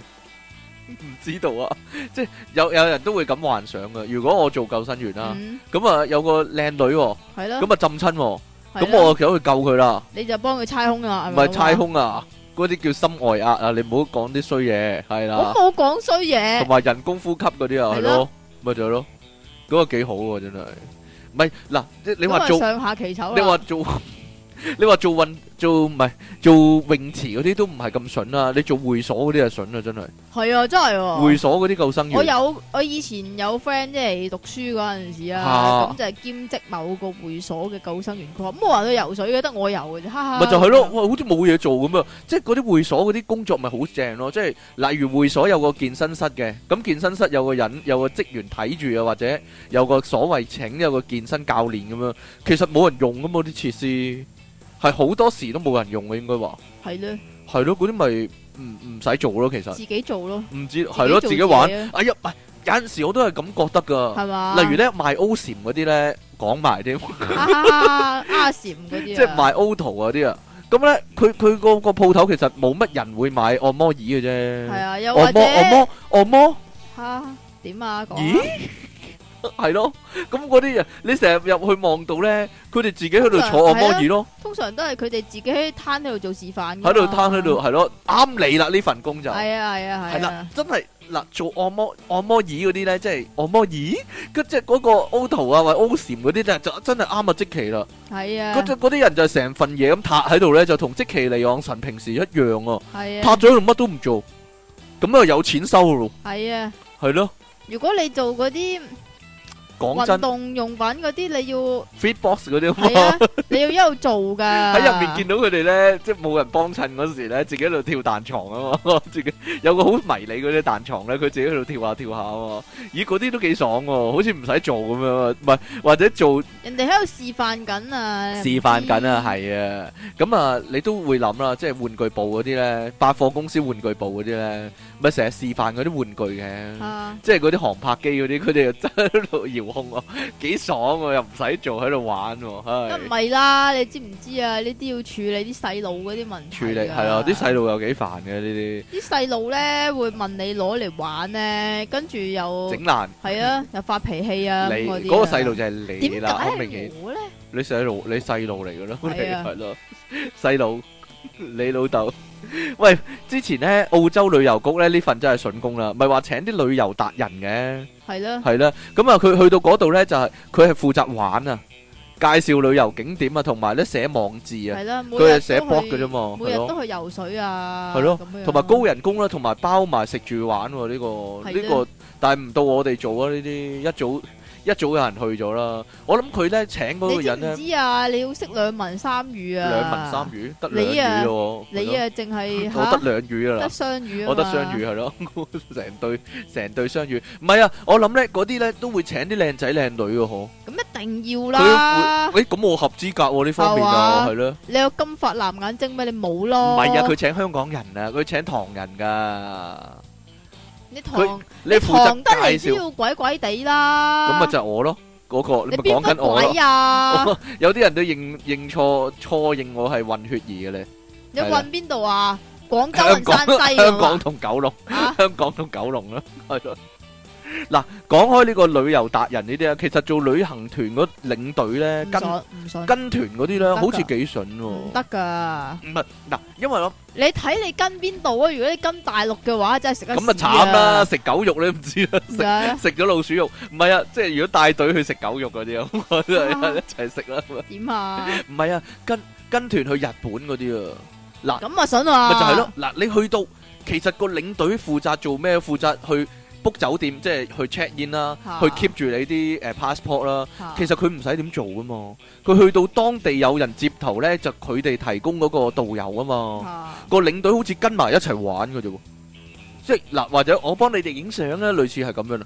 唔知道啊，即係有有人都會咁幻想噶。如果我做救生員啦，咁啊有個靚女，係咯，咁啊浸親，咁我走去救佢啦。你就幫佢猜胸啊？唔係猜胸啊，嗰啲叫心外壓啊！你唔好講啲衰嘢，係啦。我冇講衰嘢。同埋人工呼吸嗰啲啊，係咯，咪就係咯。嗰個幾好喎，真係，唔係嗱，你話做上下棋醜，你話做。你話做運做唔係做泳池嗰啲都唔係咁筍啦，你做會所嗰啲就筍啦，真係。係啊，真係。會所嗰啲救生員，我有我以前有 friend 即係讀書嗰陣時啊，咁就係兼職某個會所嘅救生員，佢話冇話去游水嘅，得我游嘅啫，哈哈。咪就係咯，我好似冇嘢做咁啊！即係嗰啲會所嗰啲工作咪好正咯，即係例如會所有個健身室嘅，咁健身室有個人有個職員睇住啊，或者有個所謂請有個健身教練咁樣，其實冇人用咁嗰啲設施。係好多時都冇人用嘅，應該話係咯，係咯了，嗰啲咪唔唔使做咯，其實自己做咯，唔知係咯，自己，了自己玩。己哎呀，唔、哎、有陣時我都係咁覺得噶，係嘛吧？例如咧賣 O 禪嗰啲咧，講埋啲阿阿禪嗰啲，即係賣 O 圖嗰啲啊。咁咧，佢佢、那個個鋪頭其實冇乜人會買按摩椅嘅啫。係啊，按摩，按摩按摩按摩吓？點啊？啊咦？係咯，咁嗰啲人你成日入去望到咧，佢哋自己喺度坐按摩椅咯。通常都係佢哋自己喺攤喺度做示範。喺度攤喺度，係咯，啱你啦，呢份工就係啊係啊係啦，真係嗱，做按摩按摩椅嗰啲咧，即係按摩椅，佢即係嗰個 O 頭啊或者 O 禪嗰啲就就真係啱阿積淇啦。係啊，嗰隻嗰啲人就成份嘢咁榻喺度咧，就同積淇離岸神平時一樣哦。係啊，榻咗度乜都唔做，咁啊有錢收咯。係啊，係咯。如果你做嗰啲。運動用品嗰啲你要 FitBox 嗰啲啊。 你要一路做噶。喺入面見到佢哋咧，即係冇人幫襯嗰時咧，自己喺度跳彈床啊嘛，自己有個好迷你嗰啲彈床咧，佢自己喺度跳下跳下啊，咦，嗰啲都幾爽喎，啊，好似唔使做咁樣啊，唔係或者做人哋喺度示範緊啊。示範緊啊，係啊，咁啊，你都會諗啦，即係玩具部嗰啲咧，百貨公司玩具部嗰啲咧。咪成日示範嗰啲玩具嘅，即係嗰啲航拍機嗰啲，佢哋又真喺度遙控喎，幾爽喎，又唔使做喺度玩喎，梗唔係啦，你知唔知啊？呢啲要處理啲細路嗰啲問題，處理係啊，啲細路又幾煩嘅呢啲。啲細路咧會問你攞嚟玩咧，跟住又整爛，係啊，又發脾氣啊咁嗰啲。你嗰個細路就係你啦，唔明嘅。你細路，你細路嚟㗎咯，係啊，細路，你老豆。喂，之前咧澳洲旅遊局咧呢份真係筍工啦，咪話請啲旅遊達人嘅，係啦，係啦，咁啊佢去到嗰度咧就係佢係負責玩啊，介紹旅遊景點啊，同埋咧寫網字啊，係啦，佢係寫 blog 嘅啫嘛，每日都去游水啊，係咯，同埋高人工啦，同埋包埋食住玩呢個呢個，但係唔到我哋做啊呢啲一早。一早有人去咗啦，我諗佢咧請嗰個人咧，你唔知啊，你要識兩文三語啊，兩文三語得兩語嘅，你啊淨係我得兩語啦，得雙語，我得雙語係咯，成對成對雙語，唔係啊，我諗咧嗰啲咧都會請啲靚仔靚女嘅喎，咁一定要啦，喂，咁我合資格呢方面啊係咯，你有金髮藍眼睛咩？你冇咯，唔係啊，佢請香港人啊，佢請唐人噶。你唐，你唐都係要鬼鬼地啦。咁咪就我咯，嗰個你咪講緊鬼啊。有啲人都認認錯，錯認我係混血兒嘅咧。你混邊度啊？廣州同山西，香港同九龍，香港同九龍咯，係咯。嗱，講開呢個旅遊達人呢啲啊，其實做旅行團個領隊咧，跟唔信跟團嗰啲咧，好似幾筍喎，得噶，唔係嗱，因為咯，你睇你跟邊度啊？如果你跟大陸嘅話，真係食得咁啊慘啦，食狗肉你唔知啦，食食咗老鼠肉，唔係啊，即係如果帶隊去食狗肉嗰啲啊，一齊食啦，點啊？唔係啊，跟跟團去日本嗰啲啊，嗱咁啊，筍啊，咪就係咯，嗱你去到，其實個領隊負責做咩？負責去。book 酒店即係去 check in 啦，去 keep 住你啲誒、uh, passport 啦。 其實佢唔使點做噶嘛，佢去到當地有人接頭呢，就佢哋提供嗰個導遊啊嘛。 個領隊好似跟埋一齊玩嘅啫喎，即係嗱或者我幫你哋影相呢，類似係咁樣啦。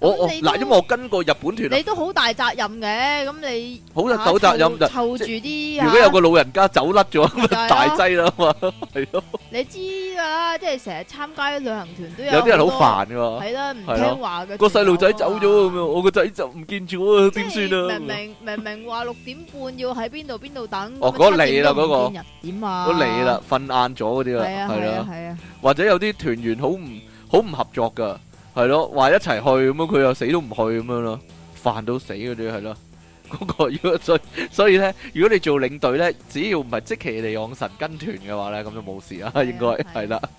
我我嗱，因為我跟過日本團，你都好大責任嘅，咁你好大責任，湊住啲。如果有個老人家走甩咗，咪大劑啦嘛，係咯。你知噶啦，即係成日參加旅行團都有。有啲人好煩噶，係啦，唔聽話嘅。個細路仔走咗咁樣，我個仔就唔見住，點算啊？明明明明話六點半要喺邊度邊度等。哦，嗰個你啦，嗰個點啊？我你啦，瞓晏咗嗰啲啦，係啦，係啊，或者有啲團員好唔好唔合作噶？係咯，話一齊去咁啊，佢又死都唔去咁樣咯，煩到死嗰啲係咯。嗰、那個如果所以咧，如果你做領隊咧，只要唔係即其離岸神跟團嘅話咧，咁就冇事啦，應該係啦。啊、了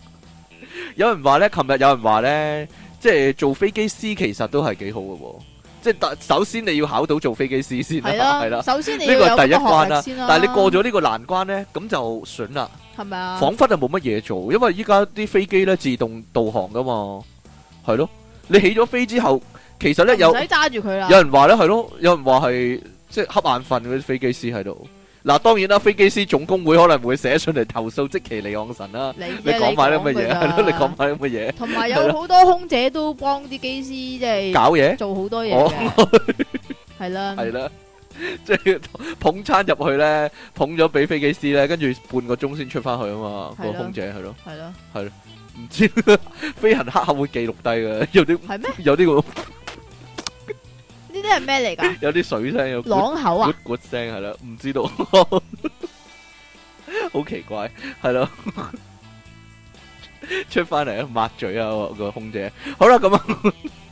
有人話咧，琴日有人話咧，即係做飛機師其實都係幾好嘅，即係首先你要考到做飛機師先係啦。啊、了首先你呢個第一關啦，啦但係你過咗呢個難關咧，咁就筍啦。係咪啊？仿佛就冇乜嘢做，因為依家啲飛機咧自動導航噶嘛。係咯，你起咗飛之後，其實咧又唔使揸住佢啦。有人話咧係咯，有人話係即係瞌眼瞓嗰啲飛機師喺度。嗱、啊，當然啦，飛機師總工會可能會寫信嚟投訴即積淇離岸神啦。你講埋啲乜嘢？係咯，你講埋啲乜嘢？同埋有好多空姐都幫啲機師即係搞嘢事，了做好多嘢嘅，係啦，係啦，即係捧餐入去咧，捧咗俾飛機師咧，跟住半個鐘先出翻去啊嘛。個空姐係咯，係咯了，係咯。 唔知，飛行黑客會記錄低嘅，有啲係咩？有啲咁，呢啲係咩嚟噶？有啲水聲，朗口啊，古聲係咯，唔知道， 好奇怪，係咯， 出翻嚟，抹嘴啊個空姐，好啦咁啊。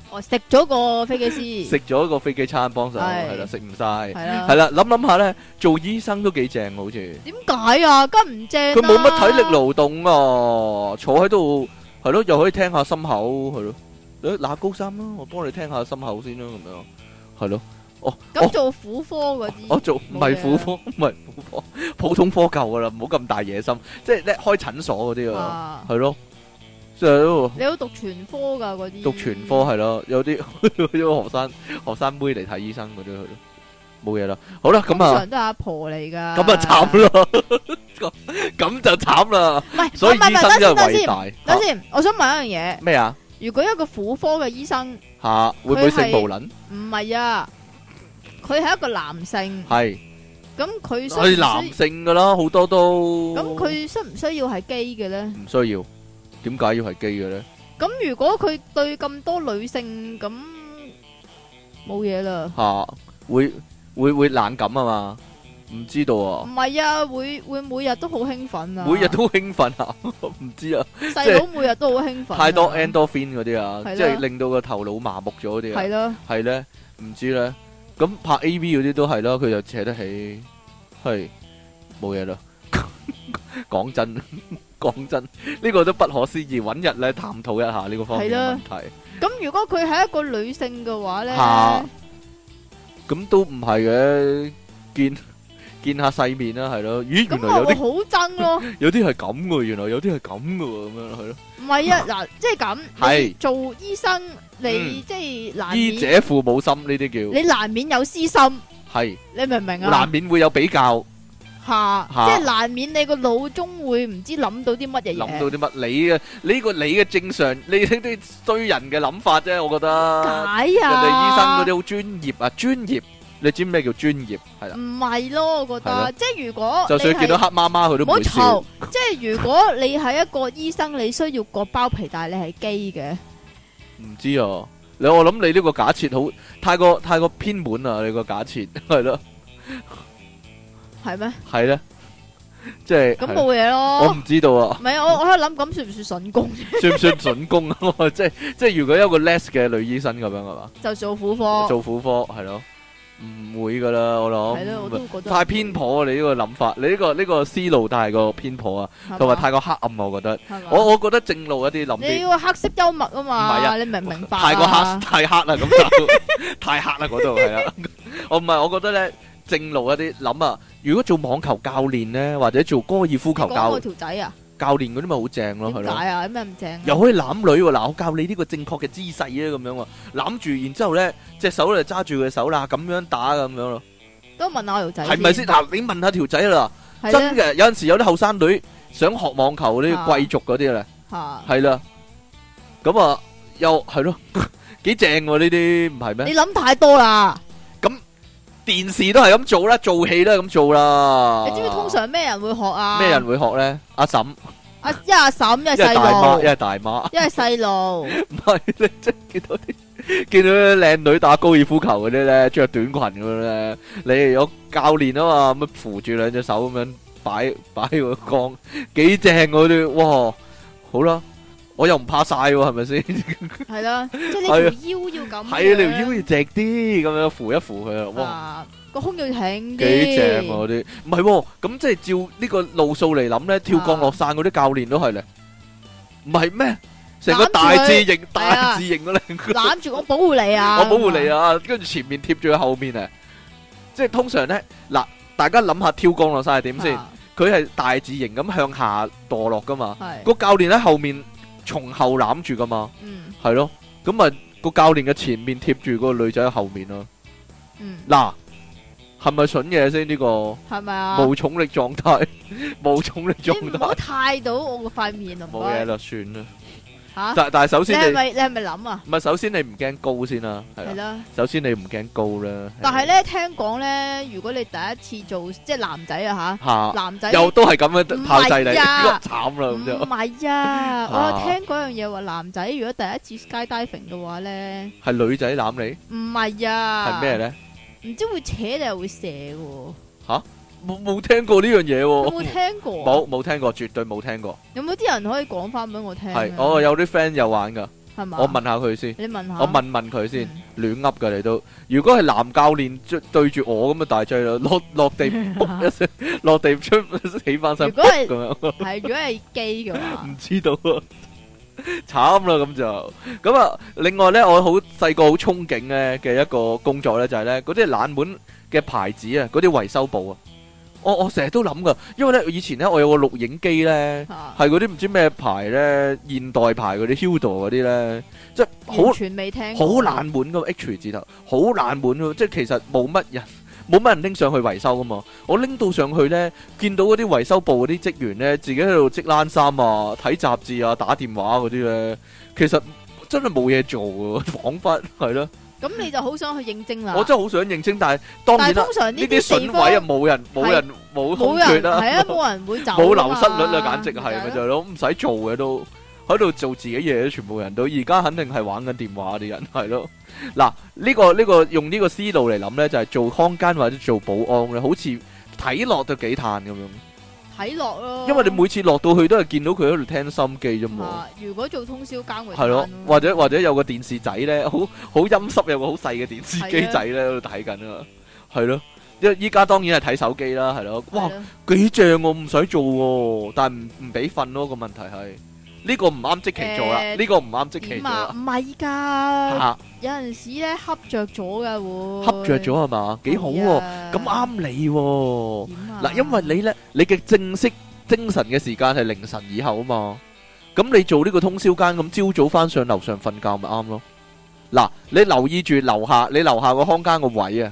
我食咗個飛機師，食咗個飛機餐幫手係啦，食唔晒係啦，係啦諗諗下咧，做醫生都幾正好似。點解啊？咁唔正？佢冇乜體力勞動啊，坐喺度係咯，又可以聽下心口係咯，你拿高衫啦，我幫你聽下心口先啦咁樣，係咯，哦。咁做婦科嗰啲，我做唔係婦科，唔係婦科，普通科夠㗎啦，唔好咁大野心，即係咧開診所嗰啲啊，係咯。即係都，你都讀全科噶嗰啲，讀全科係咯，有啲有學生學生妹嚟睇醫生嗰啲，冇嘢啦。好啦，咁啊，通常都係阿婆嚟噶，咁啊慘咯，咁就慘啦。唔係，所以醫生真係偉大。等先，我想問一樣嘢。咩啊？如果一個婦科嘅醫生吓，會唔會性暴輪？唔係啊，佢係一個男性。係。咁佢，所以男性噶啦，好多都。咁佢需唔需要係基嘅咧？唔需要。點解要係基嘅咧？咁如果佢對咁多女性咁冇嘢啦，吓會會會冷感啊嘛？唔知道啊？唔係啊，會會每日都好興奮啊！每日都興奮啊？唔知啊，細佬每日都好興奮，太多 endorphin 嗰啲啊，即係令到個頭腦麻木咗啲啊，係咯，係咧，唔知咧，咁拍 AV 嗰啲都係咯，佢就扯得起，係冇嘢咯。講真。講真，呢個都不可思議。搵日咧探討一下呢個方面問題。咁如果佢係一個女性嘅話咧，吓咁都唔係嘅，見見下世面啦，係咯。咦，原來有啲好憎咯，有啲係咁嘅，原來有啲係咁嘅，咁樣係咯。唔係啊，嗱，即係咁，係做醫生，你即係難免醫者父母心呢啲叫，你難免有私心，係你明唔明啊？難免會有比較。吓，哈即係難免你個腦中會唔知諗到啲乜嘢嘢。諗到啲乜你嘅？呢個你嘅正常，你啲衰人嘅諗法啫，我覺得。解啊！人哋醫生嗰啲好專業啊，專業，你知咩叫專業係啦？唔係咯，我覺得。的即係如果就算見到黑媽媽，佢都冇錯。即係如果你係一個醫生，你需要割包皮， 但係你係基嘅。唔知啊，我你我諗你呢個假設好太過太過偏門啊！你個假設係咯。 係咩？係咧，即係咁冇嘢咯。我唔知道啊。唔係啊，我我喺度諗，咁算唔算筍工？算唔算筍工啊？即係即係，如果一個 less 嘅女醫生咁樣嘅話？就做婦科，做婦科係咯，唔會噶啦。我諗係咯，我都覺得太偏頗啊！你呢個諗法，你呢個呢個思路，太過偏頗啊，同埋太過黑暗，我覺得。我我覺得正路一啲諗，你要黑色幽默啊嘛。唔係啊，你明唔明白啊？太過黑，太黑啦，咁就太黑啦，嗰度係啊。我唔係，我覺得咧。正路一啲諗啊，如果做網球教練咧，或者做高爾夫球教條仔啊，教練嗰啲咪好正咯？點解啊？有咩唔正？又可以攬女喎，嗱，我教你呢個正確嘅姿勢啊，咁樣喎，攬住，然之後咧，隻手咧就揸住佢嘅手啦，咁樣打咁樣咯。都問下條仔，係咪先？嗱，你問下條仔啦，真嘅，有陣時有啲後生女想學網球嗰啲貴族嗰啲咧，係啦，咁啊，又係咯，幾正呢啲，唔係咩？你諗太多啦。電視都係咁做啦，做戲都係咁做啦。你知唔知通常咩人會學啊？咩人會學咧？阿嬸，啊、阿一阿嬸一係細路，一係大媽，一係細路。唔係 你即係見到啲見到啲靚女打高爾夫球嗰啲咧，着短裙咁樣咧，你有教練啊嘛，咁咪扶住兩隻手咁樣擺擺個杆，幾正嗰啲，哇，好啦。我又唔怕曬喎，係咪先？係啦，即係呢條腰要咁，係啊，條腰要直啲，咁樣扶一扶佢啊！哇，個胸要挺啲。幾正嗰啲。唔係，咁即係照呢個路數嚟諗咧，跳降落傘嗰啲教練都係咧，唔係咩？成個大字形，大字形嗰咧攬住我保護你啊！我保護你啊！跟住前面貼住佢後面啊！即係通常咧，嗱，大家諗下跳降落傘係點先？佢係大字形咁向下墮落噶嘛？係個教練喺後面。從後攬住噶嘛，係咯，咁咪個教練嘅前面貼住個女仔喺後面啦。嗱，係咪筍嘢先呢個？係咪啊？冇重力狀態，冇重力狀態。唔好太到我個塊面啊！冇嘢啦，算啦。嚇！但但係首先你係咪你係咪諗啊？唔係首先你唔驚高先啦，係啦。首先你唔驚高啦。但係咧，聽講咧，如果你第一次做即係男仔啊嚇，男仔又都係咁樣炮製你，慘啦咁樣。唔係啊！我聽嗰樣嘢話，男仔如果第一次 skydiving 嘅話咧，係女仔攬你？唔係啊！係咩咧？唔知會扯定係會射㗎喎嚇。冇冇聽過呢樣嘢喎？冇聽過，冇冇聽過，絕對冇聽過。有冇啲人可以講翻俾我聽？係，哦，有啲 friend 有玩噶，係嘛？我問下佢先，你問下，我問問佢先，亂噏噶你都。如果係男教練對對住我咁啊，大醉落落地卜一聲，落地出起翻身。如果係係，如果係機嘅話，唔知道啊，慘啦咁就咁啊！另外咧，我好細個好憧憬咧嘅一個工作咧，就係咧嗰啲冷門嘅牌子啊，嗰啲維修部啊。我我成日都諗噶，因為咧以前咧我有個錄影機咧，係嗰啲唔知咩牌咧，現代牌嗰啲 Hudo 嗰啲咧，即係好全未聽，好冷門噶 H 字頭，好冷門即係其實冇乜人冇乜人拎上去維修噶嘛，我拎到上去咧，見到嗰啲維修部嗰啲職員咧，自己喺度織冷衫啊，睇雜誌啊，打電話嗰啲咧，其實真係冇嘢做噶，恍惚係咯。咁你就好想去應徵啦！我真係好想應徵，但係當然啦，呢啲地方是啊冇人冇人冇冇人係啊冇人會走冇、啊、流失率啊，簡直係咪就係咯？唔使做嘅都喺度做自己嘢，都全部人都而家肯定係玩緊電話啲人係咯。嗱呢、 啊這個呢、這個用呢個思路嚟諗咧，就係、是、做看更或者做保安咧，好似睇落都幾嘆咁樣。睇落咯，因為你每次落到去都係見到佢喺度聽心機啫嘛。如果做通宵監，係咯了，或者或者有個電視仔咧，好好陰濕，有個好細嘅電視機仔咧喺度睇緊啊，係咯了。因為依家當然係睇手機啦，係咯。哇，幾正我唔使做，啊，但係唔唔俾瞓咯，個問題係。呢個唔啱即期做啦，呢個唔啱即期做啦。唔係依家，有陣時呢，恰著咗㗎喎，恰著咗係嘛？幾好喎。咁啱你喎。嗱，因為你呢，你嘅正式精神嘅時間係凌晨以後啊嘛。咁你做呢個通宵間，咁朝早返上樓上瞓覺咪啱咯。嗱，你留意住樓下，你樓下個空間個位啊。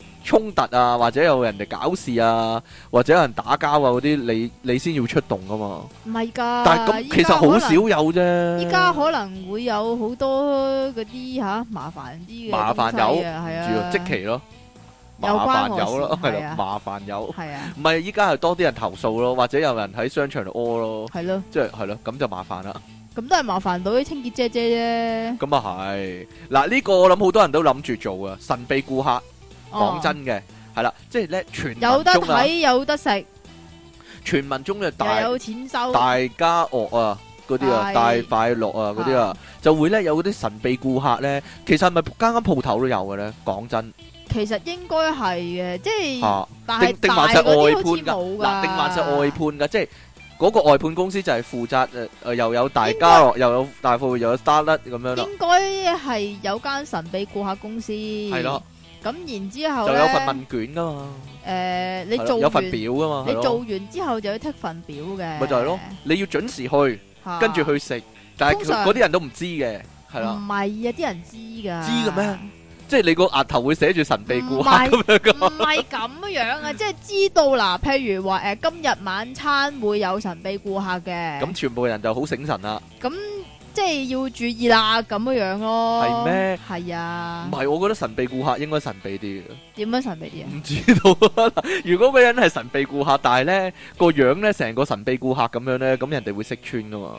衝突啊，或者有人哋搞事啊，或者有人打交啊嗰啲，你你先要出動噶嘛？唔係噶，但係咁其實好少有啫。依家可能會有好多嗰啲吓麻煩啲嘅嘢啊，係啊，積淇咯，麻煩有咯，係啦，麻煩有係啊，唔係依家係多啲人投訴咯，或者有人喺商場度屙咯，係咯、啊，即係係咯，咁、啊、就麻煩啦。咁都係麻煩到啲清潔姐姐啫。咁啊係，嗱呢個我諗好多人都諗住做啊，神秘顧客。tasting Pract icing  講真嘅係啦，即係咧傳聞中有得睇有得食，傳聞中嘅大大家樂啊嗰啲啊大快樂啊嗰啲啊就會咧有嗰啲神秘顧客咧，其實係咪間間鋪頭都有嘅咧？講真，其實應該係嘅，即係定定埋係外判噶，定埋係外判噶，即係嗰個外判公司就係負責誒又有大家樂又有大富又有 Starlet 咁樣咯。應該係有間神秘顧客公司係咯。咁然之後就有份問卷噶嘛、啊，誒、呃，你做完有份表噶嘛，你做完之後就要剔份表嘅，咪就係咯，你要準時去，啊、跟住去食，但係其實嗰啲人都唔知嘅，係啦，唔係啊，啲人知噶，知嘅咩？即係你個額頭會寫住神秘顧客咁是樣噶，唔係咁樣啊， 即係知道嗱，譬如話誒、呃、今日晚餐會有神秘顧客嘅，咁全部人就好醒神啦，咁、嗯。即係要注意啦，咁樣樣咯。係咩嗎？係啊。唔係，我覺得神秘顧客應該神秘啲嘅。點樣神秘啲啊？唔知道。如果嗰人係神秘顧客，但係咧個樣咧成個神秘顧客咁樣咧，咁人哋會識穿噶嘛？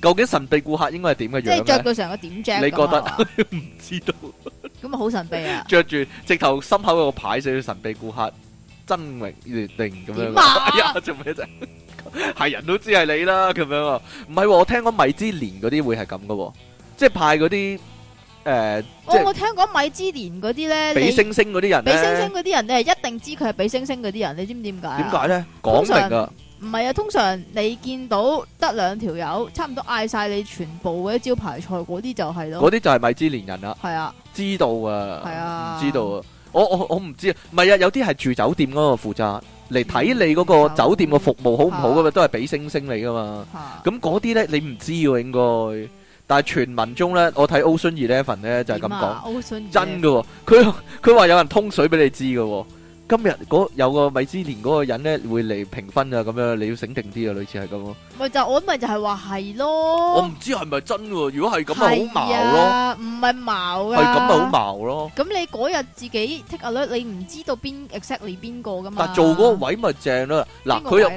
究竟神秘顧客應該係點嘅樣咧？着住成個點將。你覺得？唔 不知道。咁啊，好神秘啊！着住 直頭心口有個牌，叫做神秘顧客，真榮月定咁樣，啊。媽、 哎、呀！做咩啫？ 係人都知係你啦，咁樣啊？唔係，我聽講米芝蓮嗰啲會係咁噶，即係派嗰啲誒，即、呃、係、就是哦、我冇聽講米芝蓮嗰啲咧，俾你星星嗰啲人，俾星星嗰啲人你一定知佢係俾星星嗰啲人，你知唔知點解？點解咧？講明噶，唔係啊，通常你見到得兩條友，差唔多嗌晒你全部嗰啲招牌菜就，嗰啲就係咯，嗰啲就係米芝蓮人啦，係啊，知道啊，係啊，知道。啊！我我我唔知，唔係啊，有啲係住酒店嗰個負責嚟睇、嗯、你嗰個酒店個服務好唔好噶、啊、嘛，都係俾星星你噶嘛。咁嗰啲呢，你唔知喎應該，但係傳聞中呢，我睇 Ocean Eleven 呢，就係咁講，真噶喎、哦，佢佢話有人通水俾你知噶喎、哦。今日嗰，有個米芝蓮嗰個人咧，會嚟評分啊，咁樣你要醒定啲啊，類似係咁咯。咪就我咪就係話係咯。我唔知係咪真喎，如果係咁咪好矛咯，唔係矛啊。係咁咪好矛咯。咁你嗰日自己 take a look，你唔知道邊 exactly 邊個噶嘛？但做嗰個位咪正咯。嗱，佢又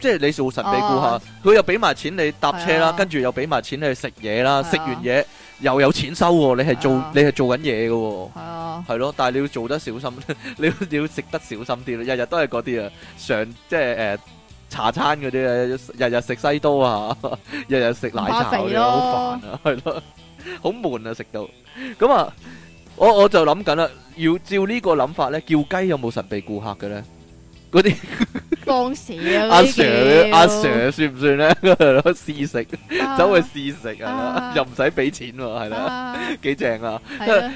即係你做神秘顧客，佢又俾埋錢你搭車啦，跟住又俾埋錢你食嘢啦，食完嘢。又有錢收喎、哦，你係做 Yeah. 你係做緊嘢嘅喎，係啊、哦，係咯 Yeah.，但係你要做得小心， 你要食得小心啲啦，日日都係嗰啲啊，上即係誒茶餐嗰啲啊，日日食西多啊，日日食奶茶好煩啊，係咯，好 悶啊，食到咁 啊，我我就諗緊啦，要照個呢個諗法咧，叫雞有冇神秘顧客嘅咧？嗰啲放蛇啊，阿 Sir 阿 Sir 算唔算咧？係試食，走去試食啊，又唔使俾錢，係啦，幾正啊！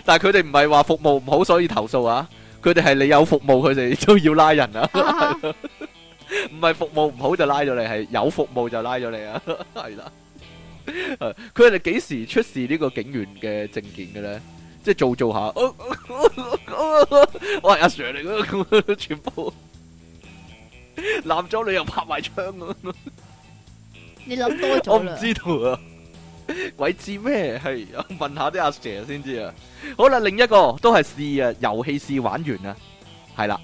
但係佢哋唔係話服務唔好所以投訴啊，佢哋係你有服務佢哋都要拉人啊，唔係服務唔好就拉咗你，係有服務就拉咗你啊，係啦。佢哋幾時出示呢個警員嘅證件嘅咧？即係做做下，我係阿 Sir 嚟嘅，全部。男左女右拍埋槍咯！你諗多咗啦，我唔知道啊，鬼知咩？係啊，問下啲阿 Sir 先知啊。好啦，另一個都係試啊，遊戲試玩員啊，係啦。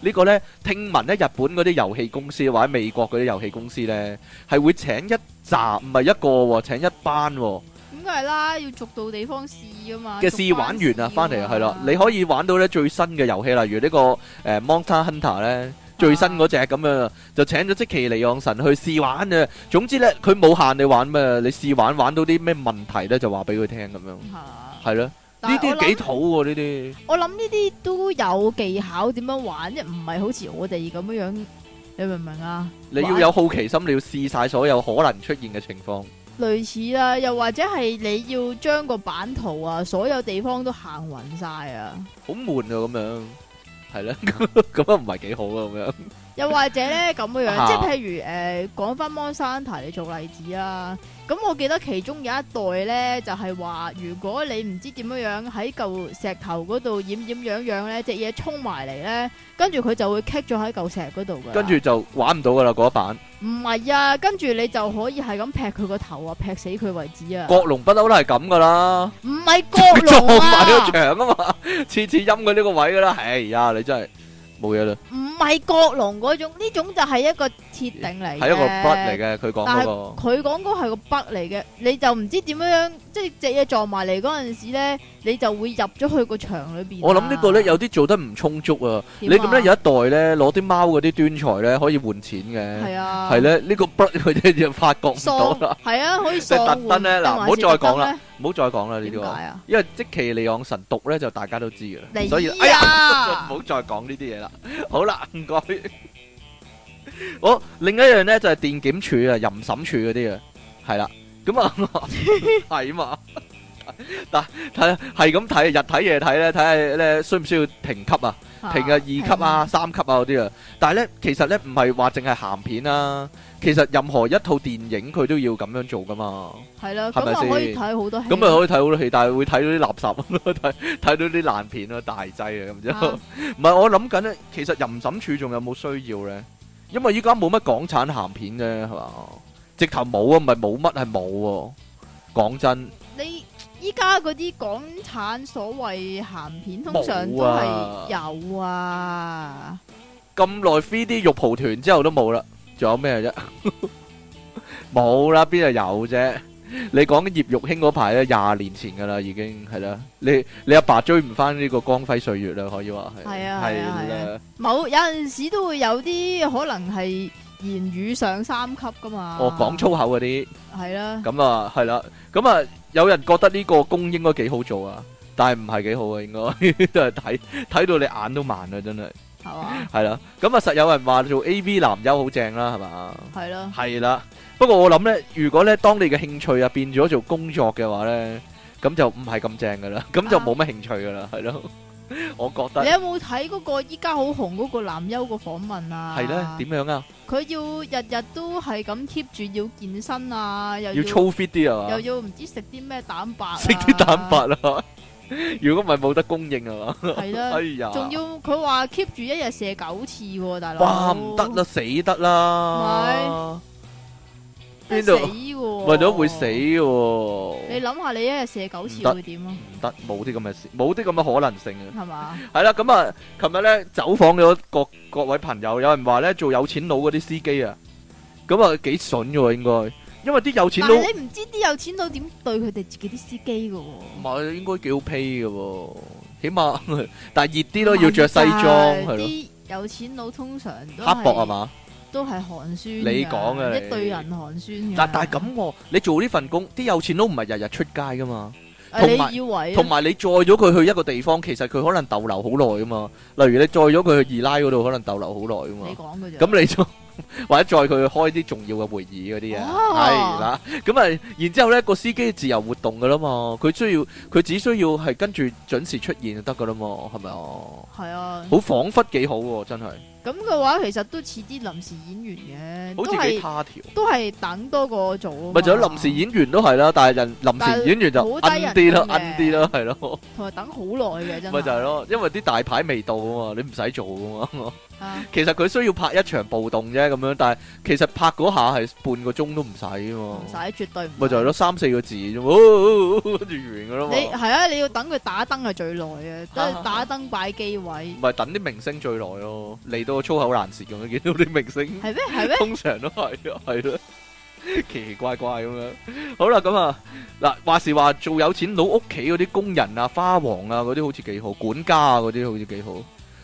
呢個咧，聽聞咧，日本嗰啲遊戲公司或者美國嗰啲遊戲公司咧係會請一集，唔係一個，請一班，咁梗係啦，要逐到地方試啊嘛嘅試玩員啊，翻嚟，係啦，你可以玩到咧最新嘅遊戲，例如呢個誒 Monster Hunter 咧。最新嗰隻咁啊樣，就請咗積淇離岸神去試玩啊。總之咧，佢冇限你玩咩？你試玩玩到啲咩問題呢？就話俾佢聽咁樣。係咯、啊，呢啲幾土喎呢啲。但 這些 我諗呢啲都有技巧點樣玩，一唔係好似我哋咁樣，你明唔明啊？你要有好奇心，你要試晒所有可能出現嘅情況。類似啊，又或者係你要將個版圖啊，所有地方都行勻晒啊。好悶啊，咁樣。係咧，咁 樣唔係幾好啊！咁樣，又或者咧咁嘅樣，樣， 即係譬如誒，講翻芒山提你做例子啦。咁、嗯、我記得其中有一代咧，就係、是、話如果你唔知點樣樣喺嚿石頭嗰度掩掩樣樣咧，隻嘢衝埋嚟咧，跟住佢就會棘咗喺嚿石嗰度嘅。跟住就玩唔到噶啦嗰一版。唔係啊，跟住你就可以係咁劈佢個頭啊，劈死佢為止啊。角龍不嬲都係咁噶啦。唔係角龍啊。撞埋個牆啊嘛，次次陰佢呢個位噶啦。哎呀、啊，你真係～冇嘢啦，唔係角龍嗰種，呢種就係一個設定嚟嘅，係一個 bug 嚟嘅，佢講嗰個，佢講嗰個係個 bug 嚟嘅，你就唔知點樣，即係隻嘢撞埋嚟嗰陣時咧，你就會入咗去個牆裏邊。我諗呢個咧有啲做得唔充足啊，你咁樣有一袋咧攞啲貓嗰啲端材咧可以換錢嘅，係啊，係咧呢、這個 bug 佢哋就發覺唔到啦，係啊，可以。特登咧，嗱，唔好再講啦。唔好再講啦呢啲啊，為因為積淇離岸神讀咧就大家都知噶啦，啊、所以哎呀，唔好 再講呢啲嘢啦。好啦，唔該。我、 哦、另一樣咧就係、是、電檢處啊、淫審處嗰啲啊，係啦，咁啊係嘛。 嗱，係係咁睇，日睇夜睇咧，睇下咧需唔需要停級啊？停日二級啊、三級啊嗰啲啊。但係咧，其實咧唔係話淨係鹹片啦，其實任何一套電影佢都要咁樣做噶嘛。係啦，咁咪可以睇好多戲。咁咪可以睇好多戲，但係會睇到啲垃圾，睇睇到啲爛片咯，大劑啊咁就。唔係，我諗緊咧，其實淫審處仲有冇需要咧？因為依家冇乜港產鹹片嘅，係嘛，直頭冇啊，唔係冇乜係冇。講真，你。依家嗰啲港產所謂鹹片，通常都係有啊。咁耐 three D 肉蒲團之後都冇啦，仲有咩啫？冇啦，邊度有啫？你講葉玉卿嗰排咧，廿年前噶啦，已經係啦。你你阿爸追唔翻呢個光輝歲月啦，可以話係。係啊係啊係啊。冇，有陣時都會有啲可能係言語上三級噶嘛。哦，講粗口嗰啲係啦。咁啊，係啦，咁啊。有人覺得呢個工應該幾好做啊，但係唔係幾好啊，應該 都係睇睇到你眼都盲啦，真係係啊，啦， 咁啊實有人話做 AV 男優好正啦，係嘛？係啦，係啦，不過我諗呢，如果呢當你嘅興趣啊變咗做工作嘅話呢，咁就唔係咁正噶啦，咁就冇乜興趣噶啦，係咯、啊。 我覺得你有冇睇嗰個依家好紅嗰個男優個訪問啊？係咧，點樣啊？佢要日日都係咁 keep 住要健身啊，又要粗 fit 啲啊，要又要唔知食啲咩蛋白，食啲蛋白啊！如果唔係冇得供應的、哎、呀啊，係啦，仲要佢話 keep 住一日射九次，大佬哇，唔得啦，死得啦！邊度？為咗會死喎、啊！你諗下，你一日射九次會點啊？唔得，冇啲咁嘅事，冇啲咁嘅可能性啊！係嘛吧？係啦， 咁、嗯、啊，琴日咧走訪咗各各位朋友，有人話咧做有錢佬嗰啲司機、嗯嗯嗯、啊，咁啊幾筍嘅應該，因為啲有錢佬你唔知啲有錢佬點對佢哋自己啲司機嘅，唔係應該幾好 pay 嘅，起碼但係熱啲都要着西裝係咯。有錢佬通常都刻薄係嘛？都係寒酸，你講嘅一對人寒酸。嗱，但係咁喎，你做呢份工，啲有錢都唔係日日出街噶嘛、啊。你以為？同埋、啊、你載咗佢去一個地方，其實佢可能逗留好耐噶嘛。例如你載咗佢去二奶嗰度，可能逗留好耐噶嘛。咁你,你就，或者載佢去開啲重要嘅會議嗰啲嘢，係啦。咁啊，啊然之後咧個司機自由活動噶啦嘛。佢需要，佢只需要係跟住準時出現就得噶啦嘛，係咪啊？係啊。好仿佛幾好，真係。咁嘅話其實都似啲臨時演員嘅，都係都係等多過做。咪就係臨時演員都係啦，但係人臨時演員就好啲咯，啱啲咯，係咯，同埋等好耐嘅真係。咪就係咯，因為啲大牌未到啊嘛，你唔使做啊嘛。啊，其實佢需要拍一場暴動啫，咁樣，但係其實拍嗰下係半個鐘都唔使啊嘛，唔使絕對唔係，咪就係咯，三四個字啫，跟住完噶啦嘛。你係啊，你要等佢打燈係最耐啊，即係打燈擺機位。咪等啲明星最耐咯，嚟到。粗口難舌咁樣見到啲明星。係咩係咩？通常都係啊，係啦，奇奇怪怪咁樣。好啦，咁啊嗱，話時話，做有錢佬屋企嗰啲工人啊、花王啊嗰啲，好似幾好，管家啊嗰啲好似幾好。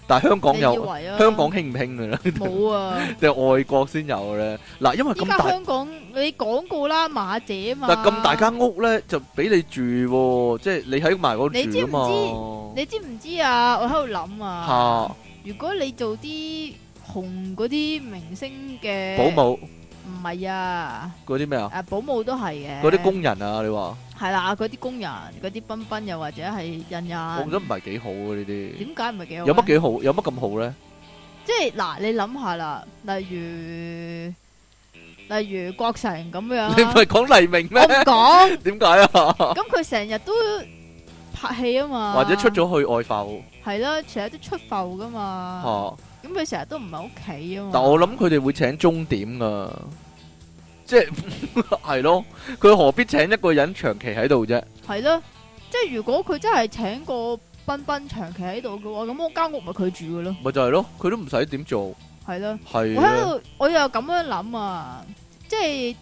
但係香港有，香港興唔興噶啦？冇啊，即係外國先有咧。嗱，因為咁大香港，你講過啦，馬姐嘛。嗱，咁大間屋咧，就俾你住，即係你喺埋嗰度啊嘛？你知唔知啊？我喺度諗啊。如果你做啲紅嗰啲明星嘅保姆，唔係啊，嗰啲咩啊？啊，保姆都係嘅。嗰啲工人啊，你話係啦，嗰啲工人，嗰啲斌斌又或者係人人，都唔係幾好啊呢啲。點解唔係幾好？有乜幾好？有乜咁好咧？即係嗱，你諗下啦，例如例如郭成咁樣，你唔係講黎明咩？我唔講。點解啊？咁佢成日都拍戲啊嘛，或者出咗去外埠。係啦，成日都出埠噶嘛，咁佢成日都唔喺屋企啊嘛。但係我諗佢哋會請鐘點噶，即係係咯，佢何必請一個人長期喺度啫？係咯，即係如果佢真係請個賓賓長期喺度嘅話，咁我間屋咪佢住嘅咯，咪就係咯，佢都唔使點做，係咯，係我喺度，我又咁樣諗啊，即係。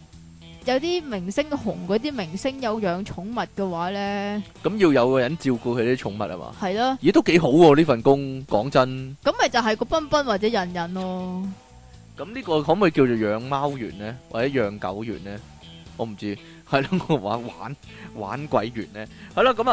有啲明星紅，嗰啲明星有養寵物嘅話咧，咁要有個人照顧佢啲寵物啊嘛，係咯，亦都幾好喎呢份工，講真，咁咪就係個彬彬或者人人咯，咁呢個可唔可以叫做養貓員咧，或者養狗員咧？我唔知，係咯，玩玩玩鬼員咧，係咯，咁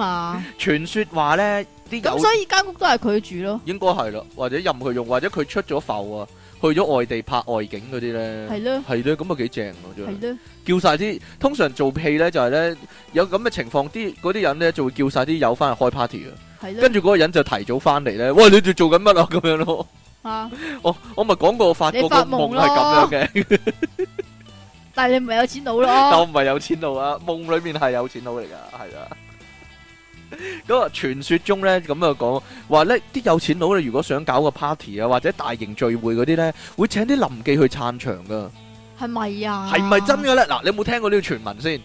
啊嗱，傳說話咧啲，咁所以間屋都係佢住咯，應該係咯，或者任佢用，或者佢出咗埠啊，去咗外地拍外景嗰啲咧，係咯，係咯，咁啊幾正喎，叫晒啲通常做戲咧就係咧有咁嘅情況，啲嗰啲人咧就會叫晒啲友翻去開 party 啊，跟住嗰個人就提早翻嚟咧，喂，你哋做緊乜啊咁樣咯，我我咪講過發過個夢係咁樣嘅，但係你唔係有錢佬咯，我唔係有錢佬啊，夢裏面係有錢佬嚟噶，係啊。咁啊！傳説中咧咁樣講話咧，啲有錢佬咧，如果想搞個 party 啊，或者大型聚會嗰啲咧，會請啲臨記去撐場噶，係咪啊？係唔係真嘅咧？嗱，你有冇聽過呢個傳聞先？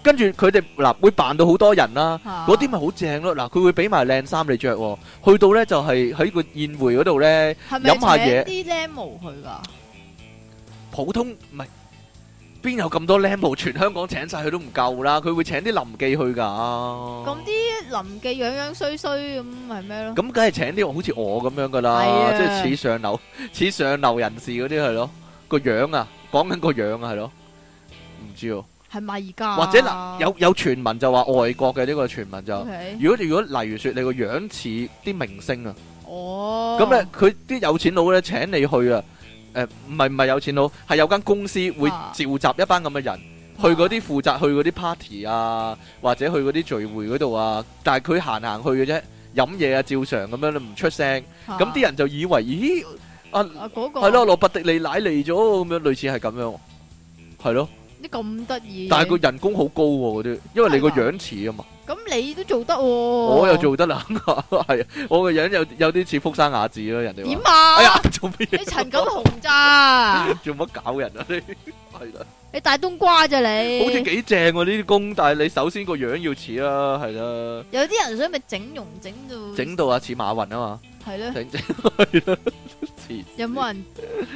跟住佢哋嗱會扮到好多人啦，嗰啲咪好正咯。嗱，佢會俾埋靚衫你著，去到咧就係喺個宴會嗰度咧，係咪飲下嘢。啲靚模去噶，普通唔係。邊有咁多靚模？全香港請晒佢都唔夠啦！佢會請啲臨記去噶。咁啲臨記樣樣衰衰咁，係咩咯？咁梗係請啲好似我咁樣噶啦，即係似上流，似上流人士嗰啲係咯。個樣啊，講緊個樣啊，係咯。唔知啊。係咪而家？或者嗱，有有傳聞就話外國嘅呢個傳聞就，如果如果例如說你個樣似啲明星啊，哦，咁咧佢啲有錢佬咧，請你去啊。誒，唔係唔係有錢佬，係有間公司會召集一班咁嘅人去嗰啲負責去嗰啲 party 啊，或者去嗰啲聚會嗰度啊。但係佢行行去嘅啫，飲嘢啊，照常咁樣，你唔出聲。咁啲人就以為，咦，啊，嗰個係咯，羅伯迪尼奶嚟咗咁樣，類似係咁樣，係咯。你咁得意，但係個人工好高喎，嗰啲，因為你個樣似啊嘛。咁你都做得喎，我又做得啦，係啊，我個樣有有啲似福山雅治咯，人哋話點啊？哎呀，做咩？你陳錦鴻咋？做乜搞人啊？你係啦，你大冬瓜咋你？好似幾正喎呢啲工，但係你首先個樣要似啦，係啦。有啲人想咪整容整到，整到啊似馬雲啊嘛，係咯，整正係啦。有冇人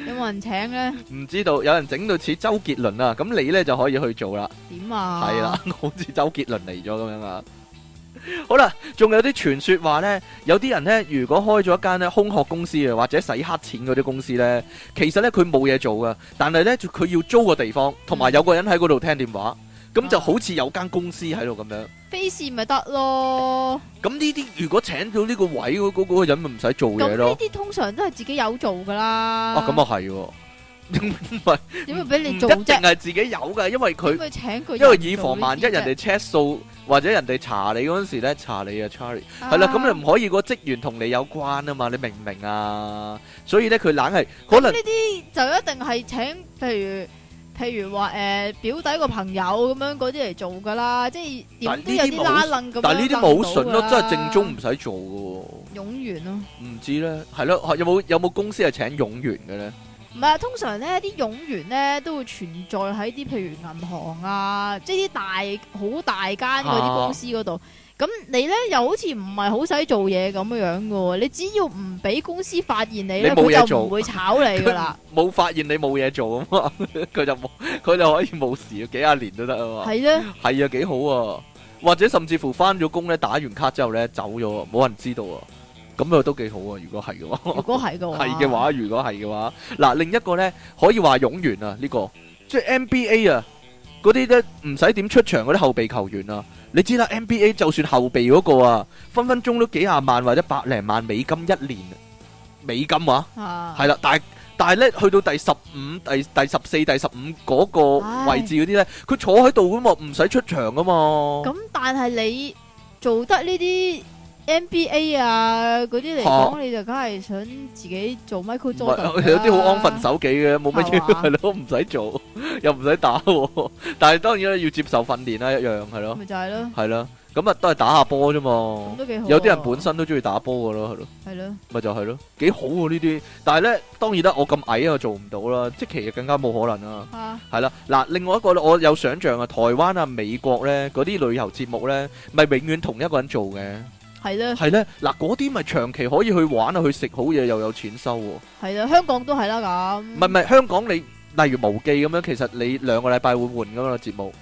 有冇人請呢？唔 知道，有人整到似周杰倫啊！咁你呢就可以去做啦。點啊？係啦，好似周杰倫嚟咗咁樣啊！好啦，仲 有啲傳說話呢：有啲人呢，如果開咗一間呢空殼公司啊，或者洗黑錢嗰啲公司呢，其實呢，佢冇嘢做噶，但係呢，佢要租個地方，同埋有個人喺嗰度聽電話。嗯咁就好似有間公司喺度咁樣，飛線咪得咯。咁呢啲如果請到呢個位嗰嗰嗰個人咪唔使做嘢咯。咁呢啲通常都係自己有做噶啦。哦，咁啊係，唔係點會俾你做啫？一定係自己有噶，因為佢因為以防萬一，人哋 check 數或者人哋查你嗰陣時咧，查你啊，Charlie 係啦。咁你唔可以個職員同你有關啊嘛，你明唔明啊？所以咧，佢硬係可能呢啲就一定係請譬如。譬如話誒、呃、表弟個朋友咁樣嗰啲嚟做噶啦，即係點都有啲拉楞咁樣都做到噶啦。但呢啲冇筍咯，啊、真係正宗唔使做噶喎、啊。傭員咯，唔知咧，係咯，有冇有冇公司係請傭員嘅咧？唔係啊，通常咧啲傭員咧都會存在喺啲譬如銀行啊，即係啲大好大間嗰啲公司嗰度。啊咁你咧又好似唔係好使做嘢咁樣樣嘅喎，你只要唔俾公司發現你咧，佢就唔會炒你噶啦。冇發現你冇嘢做啊嘛，佢就冇，佢就可以冇事幾廿年都得啊嘛。係咧，係啊，幾好啊，或者甚至乎翻咗工咧，打完卡之後咧走咗，冇人知道啊，咁樣都幾好啊，如果係嘅話，如果係嘅話，係嘅話，如果係嘅話，嗱，另一個咧可以話傭員啊，呢個即係 NBA 啊。嗰啲咧唔使點出場嗰啲後備球員啊！你知啦，NBA 就算後備嗰個啊，分分鐘都幾廿萬或者百零萬美金一年，美金啊，係啦，啊，但係但係咧去到第十五、第第十四、第十五嗰個位置嗰啲咧，佢唉 坐喺度咁唔使出場㗎嘛。咁但係你做得呢啲？NBA 啊，嗰啲嚟講，你就梗係想自己做 Michael Jordan，有啲好安分守己嘅，冇乜嘢係咯，唔使做又唔使打，但係當然啦，要接受訓練啦，一樣係咯。咪就係咯，係咯，咁啊都係打下波啫嘛。都幾好。有啲人本身都中意打波噶咯，係咯，係咯，咪就係咯，幾好喎呢啲。但係咧，當然啦，我咁矮啊，做唔到啦，即係其實更加冇可能啦。係啦，嗱，另外一個我有想象啊，台灣啊、美國咧嗰啲旅遊節目咧，咪永遠同一個人做嘅。係咧，嗱，嗰啲咪長期可以去玩啊，去食好嘢又有錢收喎。係啦，香港都係啦咁。唔係唔係，香港你例如無記咁樣，其實你兩個禮拜會換嗰個節目。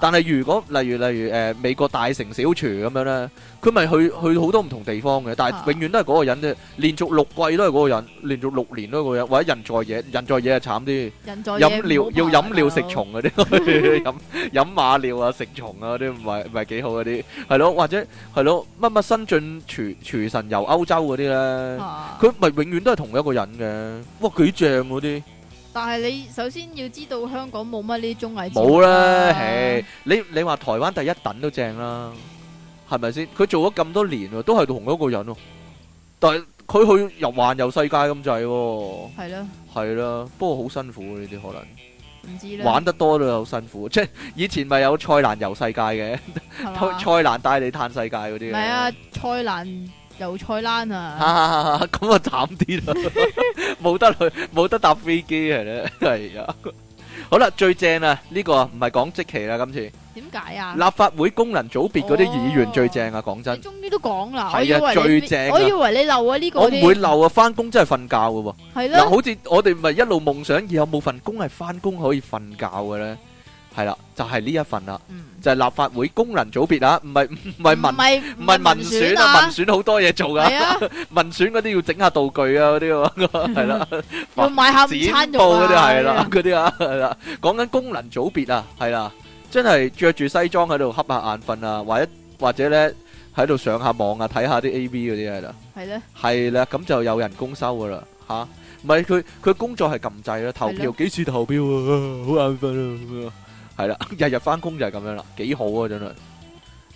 但係如果例如例如誒美國大城小廚咁樣咧，佢咪去去好多唔同地方嘅，但係永遠都係嗰個人啫，連續六季都係嗰個人，連續六年都係嗰個人，或者人在野人在野啊，慘啲，在飲料怕要飲料食蟲嗰啲飲飲馬尿啊、食蟲啊啲唔係唔係幾好嗰啲，係咯 或者係咯乜乜新進廚廚神遊歐洲嗰啲咧，佢咪 永遠都係同一個人嘅，哇幾正嗰啲。但係你首先要知道香港冇乜呢啲綜藝，冇啦、啊，你你話台灣第一等都正啦，係咪先？佢做咗咁多年，都係同一個人咯。但係佢去遊環遊世界咁滯，係咯啦，係啦。不過好辛苦呢、啊、啲可能，唔知啦。玩得多都好辛苦。即係以前咪有蔡瀾遊世界嘅，蔡蔡瀾帶你嘆世界嗰啲。係啊，蔡瀾。油菜籃啊！咁啊慘啲啦，冇得去，冇得搭飛機嘅咧，係啊！好啦，最正啊！呢個唔係講積淇啦，今次點解啊？立法會功能組別嗰啲議員最正啊！講真，終於都講啦，係啊，最正！我以為你漏啊呢個，我唔會漏啊！翻工真係瞓覺噶喎，係咯，嗱，好似我哋咪一路夢想，有冇份工係翻工可以瞓覺嘅咧？係啦，就係呢一份啦，就係立法會功能組別啊，唔係唔係民唔係唔係民選啊，民選好多嘢做噶，民選嗰啲要整下道具啊，嗰啲啊，係啦，要買下午餐布嗰啲係啦，嗰啲啊，係啦，講緊功能組別啊，係啦，真係着住西裝喺度瞌下眼瞓啊，或者或者咧喺度上下網啊，睇下啲 AV 嗰啲啊啦，係咧，係啦，咁就有人工收噶啦，吓，唔係佢佢工作係撳掣咯，投票幾次投票啊，好眼瞓啊。係啦，日日翻工就係咁樣啦，幾好啊真係！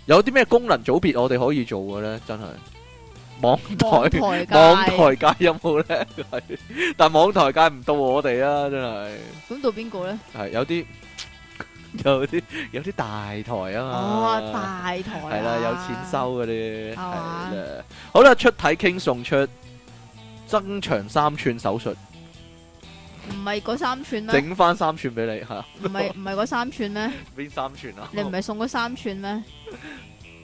有啲咩功能組別我哋可以做嘅咧，真係網台網台界有冇咧？係，但網台界唔到我哋啊，真係。咁到邊個咧？係有啲有啲有啲大台啊嘛。哦，大台係啦，有錢收嗰啲係啦。好啦，出體傾送出增長三寸手術。唔係嗰三串咩？整翻三串俾你，係啊！唔係唔係嗰三串咩？邊三串啊？你唔係送嗰三串咩？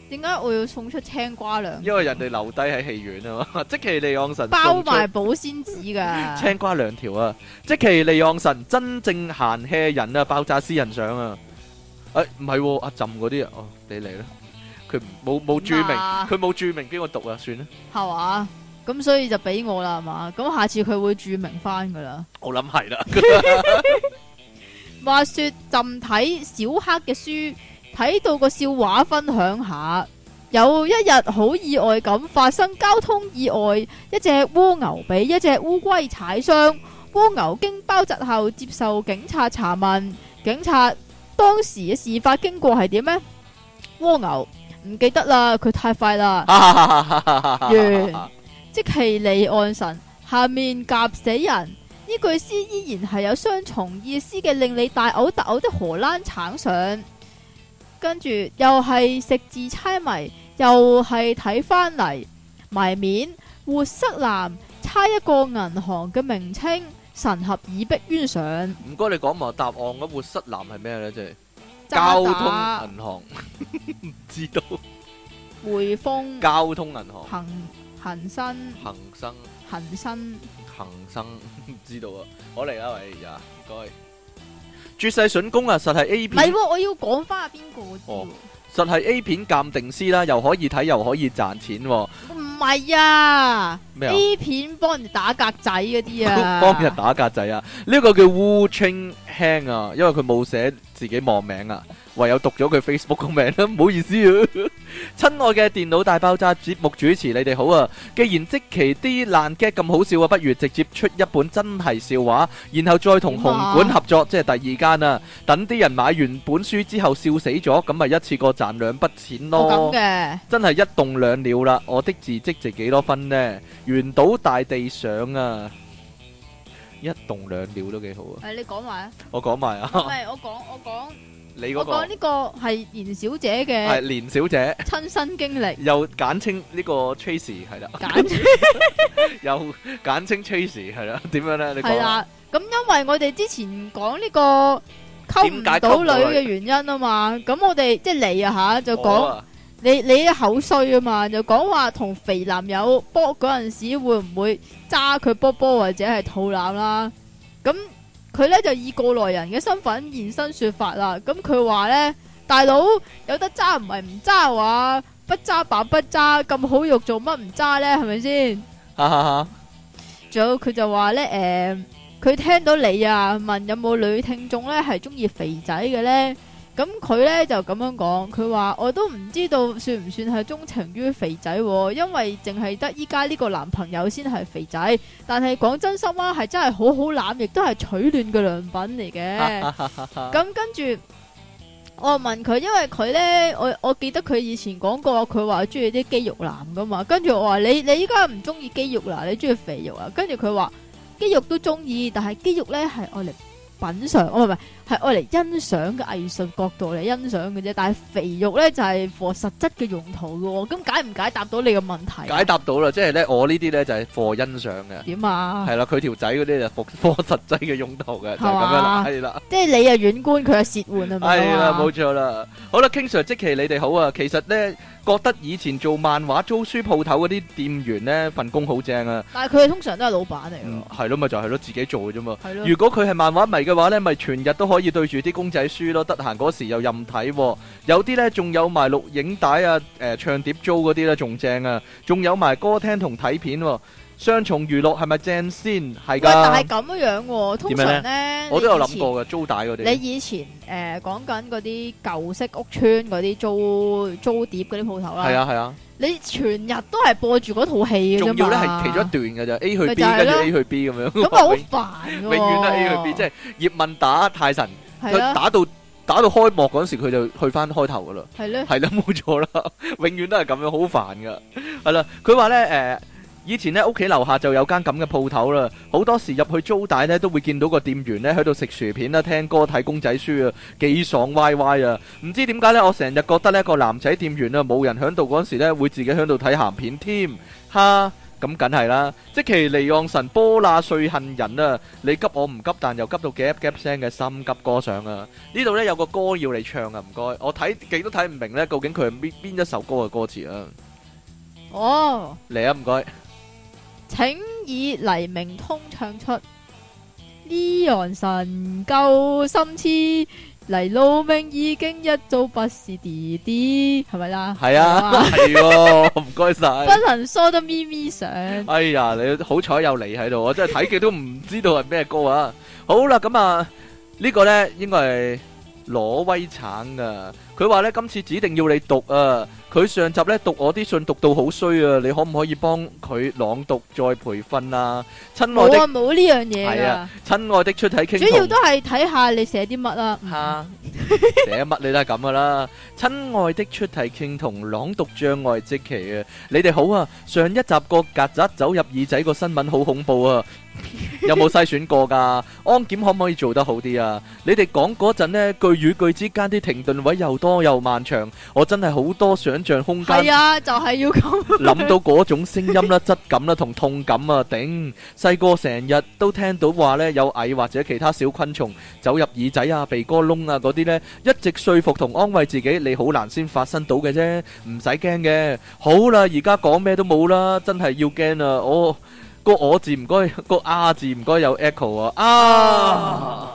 點解我要送出青瓜糧？因為人哋留低喺戲院啊嘛！積淇離岸神包埋保鮮紙噶。青瓜糧條啊！積淇離岸神真正閒氣人啊！爆炸私人相啊！誒，唔係阿朕嗰啲啊，哦，你嚟啦！佢冇冇注明，佢冇注明邊個讀啊？算啦，係嘛？咁所以就俾我啦，係嘛？咁下次佢會注明翻噶啦。我諗係啦話說，朕睇小黑嘅書，睇到個笑話分享下。有一日，好意外咁發生交通意外，一隻蝸牛俾一隻烏龜踩傷。蝸牛經包紮後接受警察查問，警察，當時嘅事發經過係點呢？」蝸牛唔記得啦，佢太快啦。 完 積淇離岸神，下面夾死人。呢句詩依然係有雙重意思嘅，令你大嘔特嘔的荷蘭橙上。跟住又係食字猜謎，又係睇翻嚟謎面，活塞男猜一個銀行嘅名稱。神合耳逼冤上。唔該你講埋答案，咁活塞男係咩呢？即係交通銀行。唔 不知道。匯豐。交通銀行。恒生，恒生，恒生，恒生，唔知道啊！我嚟啦，喂，各位呀，唔該，絕世筍工啊，實係 A 片，唔係喎，我要講翻係邊個？哦，實係 A 片鑑定師啦、啊，又可以睇又可以賺錢、啊。唔係啊咩麼？A 片幫人打格仔嗰啲啊，幫 人打格仔啊，呢、這個叫 Wu Cheng 烏青輕啊，因為佢冇寫。自己忘名啊，唯有讀咗佢 Facebook 個名啦，唔好意思啊。親愛嘅電腦大爆炸節目主持，你哋好啊！既然即其啲爛 gag 咁好笑啊，不如直接出一本真係笑話，然後再同紅館合作，即係第二間啊。等啲人買完本書之後笑死咗，咁咪一次過賺兩筆錢咯。咁嘅真係一動兩鳥啦。我的字跡值幾多分呢？原島大地上啊！一動兩鳥都幾好啊！誒，你講埋啊！我講埋啊！唔係，我講我講你嗰個，我講呢個係連小姐嘅，係連小姐親身經歷，又簡稱呢個 Tracy 係啦，簡稱又簡稱 Tracy 係啦，點樣咧？你講係啦，咁因為我哋之前講呢個溝唔到女嘅原因啊嘛，咁我哋即係嚟啊吓就講。你你口衰啊嘛，就講話同肥男友波嗰陣時會唔會揸佢波波或者係肚腩啦？咁佢咧就以過來人嘅身份現身說法啦。咁佢話咧，大佬有得揸唔係唔揸話，不揸白不揸，咁好肉做乜唔揸咧？係咪先？仲 有佢就話咧，誒、呃，佢聽到你啊問有冇女聽眾咧係中意肥仔嘅咧。咁佢咧就咁樣講，佢話我都唔知道算唔算係鍾情於肥仔。哦，因為淨係得依家呢個男朋友先係肥仔，但係講真心話，係真係好好攬，亦都係取暖嘅良品嚟嘅。咁、 嗯，、跟住我問佢，因為佢咧，我我記得佢以前講過，佢話中意啲肌肉男噶嘛跟住我話你你依家唔中意肌肉男，你中意肥肉啊？跟住佢話肌肉都中意，但係肌肉咧係愛嚟品嘗哦，唔係，係愛嚟欣賞嘅藝術角度嚟欣賞嘅啫。但係肥肉咧就係、是、for 實質嘅用途嘅，咁解唔解答到你嘅問題、啊？解答到啦，即係咧，我呢啲咧就係、是、for 欣賞嘅。點啊？係啦，佢條仔嗰啲就 for 實質嘅用途嘅，就咁、是、樣啦，係啦吧。即係你啊遠觀佢啊褻玩啊咪？係啦的，冇錯啦。好啦，King Sir，積淇你哋好啊。其實咧。覺得以前做漫畫租書鋪頭嗰啲店員呢份工好正啊！但係佢哋通常都係老闆嚟咯。係咯、嗯，咪就係、是、咯，自己做嘅啫嘛。的如果佢係漫畫迷嘅話呢，咪全日都可以對住啲公仔書咯。得閒嗰時又任睇、啊，有啲呢仲有埋錄影帶啊、誒、呃、唱碟租嗰啲啦，仲正啊！仲有埋歌聽同睇片、啊。雙重娛樂係咪正先？係㗎，但係咁樣喎、啊。通常咧，呢你 我都有諗過嘅前租帶嗰啲。你以前誒、呃、講緊嗰啲舊式屋邨嗰啲租租碟嗰啲鋪頭啦。係啊係啊，啊你全日都係播住嗰套戲嘅啫仲要咧係其中一段嘅啫。A 去 B 跟住 A 去 B 咁樣、啊，咁咪好煩、啊。 永遠都 A 去 B，即係葉問打泰神，佢、啊、打到打到開幕嗰時，佢就去翻開頭嘅啦。係咧呢，係啦，冇錯啦，永遠都係咁樣，好煩嘅。係 啦， 佢話咧誒。以前咧屋企樓下就有間咁嘅鋪頭啦，好多時入去租帶咧都會見到個店員咧喺度食薯片啦、聽歌睇公仔書啊，幾爽歪歪啊！唔知點解咧，我成日覺得咧一個男仔店員啊，冇人響度嗰陣時咧會自己響度睇咸片添吓，咁梗係啦！積淇離岸神波納碎恨人啊！你急我唔急，但又急到夾夾聲嘅心急歌上啊！呢度咧有個歌要你唱啊，唔該，我睇，幾都睇唔明咧，究竟佢係邊邊一首歌嘅歌詞啊？哦，嚟啊，唔該。請以黎明通唱出呢樣神夠心痴嚟，路命已經一早不是弟弟啲，係咪啦？係啊，係咯我說， 唔該晒， 不能梳得咪咪上。哎呀，你好彩有你喺度，我真係睇嘅都唔知道係咩 歌啊。好啦，咁啊、這個、呢個咧應該係挪威橙噶。佢話咧今次指定要你讀啊！佢上集咧讀我啲信讀到好衰啊！你可唔可以幫佢朗讀再培訓啊？親愛的，冇啊，冇呢樣嘢啊！係啊，親愛的出體 king，主要都係睇下你寫啲乜啦。吓，寫乜你都係咁噶啦！親愛的出體 king 同朗讀障礙積淇啊！你哋好啊！上一集個曱甴走入耳仔個新聞好恐怖啊！有冇篩選過噶？安檢可唔可以做得好啲啊？你哋講嗰陣咧，句與句之間啲停頓位又多又漫長，我真係好多想像空間。係啊，就係要咁諗到嗰種聲音啦、質感啦同痛感啊！頂！細個成日都聽到話呢，有蟻或者其他小昆蟲走入耳仔啊、鼻哥窿啊嗰啲呢，一直説服同安慰自己，你好難先發生到嘅啫，唔使驚嘅。好啦，而家講咩都冇啦，真係要驚啊！我個我字唔該，個啊字唔該有 echo 啊！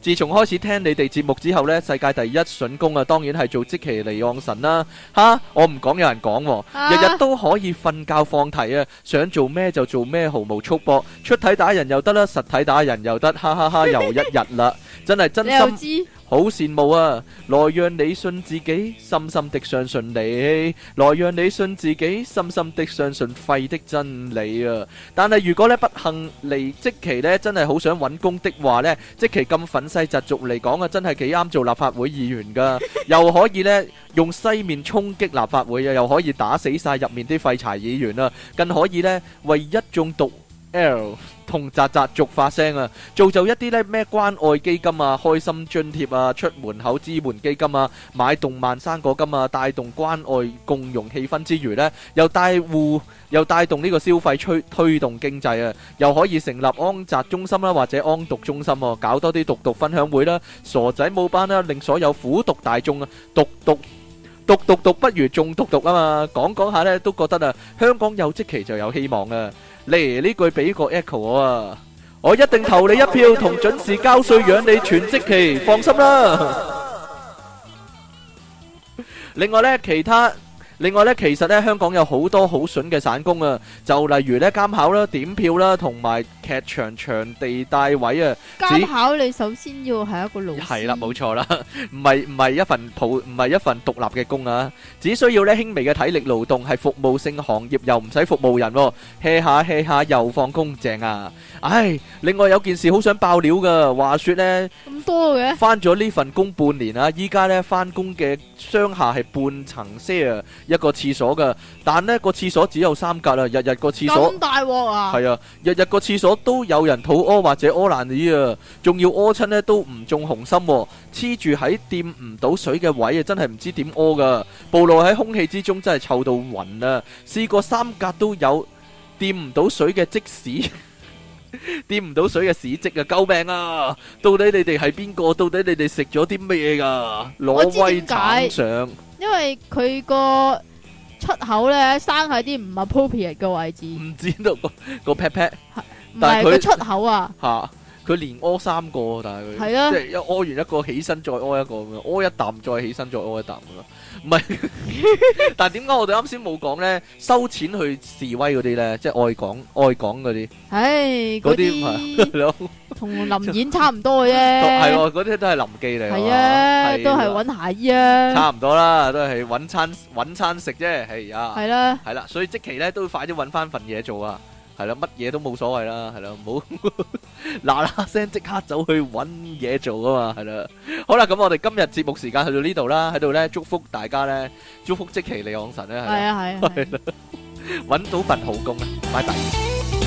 自從開始聽你哋節目之後咧，世界第一筍工啊，當然係做積淇離岸神啦、啊、嚇！我唔講有人講、啊，啊、日日都可以瞓覺放題啊，想做咩就做咩，毫無束縛，出體打人又得啦、啊，實體打人又得，哈哈哈，又一日啦， 真係真心知。好羨慕啊！來讓你信自己深深的相信你，來讓你信自己深深的相信廢的真理啊！但係如果咧不幸嚟積淇咧，真係好想揾工嘅話呢，積淇咁粉西習俗嚟講啊，真係幾啱做立法會議員㗎，又可以咧用西面衝擊立法會啊，又可以打死晒入面啲廢柴議員啊，更可以咧為一眾獨 L 同宅宅族發聲啊，造就一啲呢咩關愛基金啊、開心津貼啊、出門口支援基金啊、買動漫生果金啊，帶動關愛共融氣氛之餘呢，又帶戶又帶動呢個消費推推動經濟啊，又可以成立安宅中心啦，或者安毒中心哦，搞多啲毒毒分享會啦、傻仔舞班啦，令所有苦毒大眾啊毒毒毒毒毒不如中毒毒啊嘛，講講下呢都覺得啊，香港有積淇就有希望啊！嚟呢句畀個 echo 我啊！我一定投你一票，同準時交稅，養你全職期，放心啦。 另外呢，其他。另外咧，其實咧，香港有好多好筍嘅散工啊，就例如咧監考啦、點票啦，同埋劇場場地帶位啊。監考你首先要係一個勞。係啦，冇錯啦，唔係唔係一份僕，唔係一份獨立嘅工啊，只需要咧輕微嘅體力勞動，係服務性行業，又唔使服務人，hea 下 hea 下又放工，正啊！唉，另外有件事好想爆料噶。話說咧，返咗呢份工半年啦，依家咧返工嘅商廈係半層 share 一個廁所噶，但呢個廁所只有三格啦，日日個廁所咁大鑊啊！係啊，日日個廁所都有人肚屙或者屙爛屎啊，仲要屙親咧都唔中紅心，黐住喺掂唔到水嘅位啊，真係唔知點屙噶，暴露喺空氣之中真係臭到暈啊！試過三格都有掂唔到水嘅即屎。掂唔到水嘅屎跡啊！救命啊！到底你哋係邊個？到底你哋食咗啲咩噶？攞威坦上，因為佢個出口咧生喺啲唔係 proper 嘅位置，唔知道個個 pat pat，但係佢出口啊，吓佢、啊、連屙三個，但係佢係啊，即係一屙完一個起身再屙一個咁樣，屙一啖再起身再屙一啖咁咯。唔係，但點解我哋啱先冇講咧？收錢去示威嗰啲咧，即係愛港愛港嗰啲，唉，嗰啲唔係，同林演差唔多嘅啫，係喎，嗰啲都係臨記嚟，係啊，都係揾鞋衣啊，差唔多啦，都係揾餐揾餐食啫，係啊，係啦，係啦，所以即期咧都快啲揾翻份嘢做啊！係啦，乜嘢都冇所謂啦，係啦，唔好嗱嗱聲即刻走去搵嘢做啊嘛，係啦。 好啦，咁我哋今日節目時間去到呢度啦，喺度咧祝福大家咧，祝福積淇離岸神咧，係啊係啊，搵到份好工， 拜拜。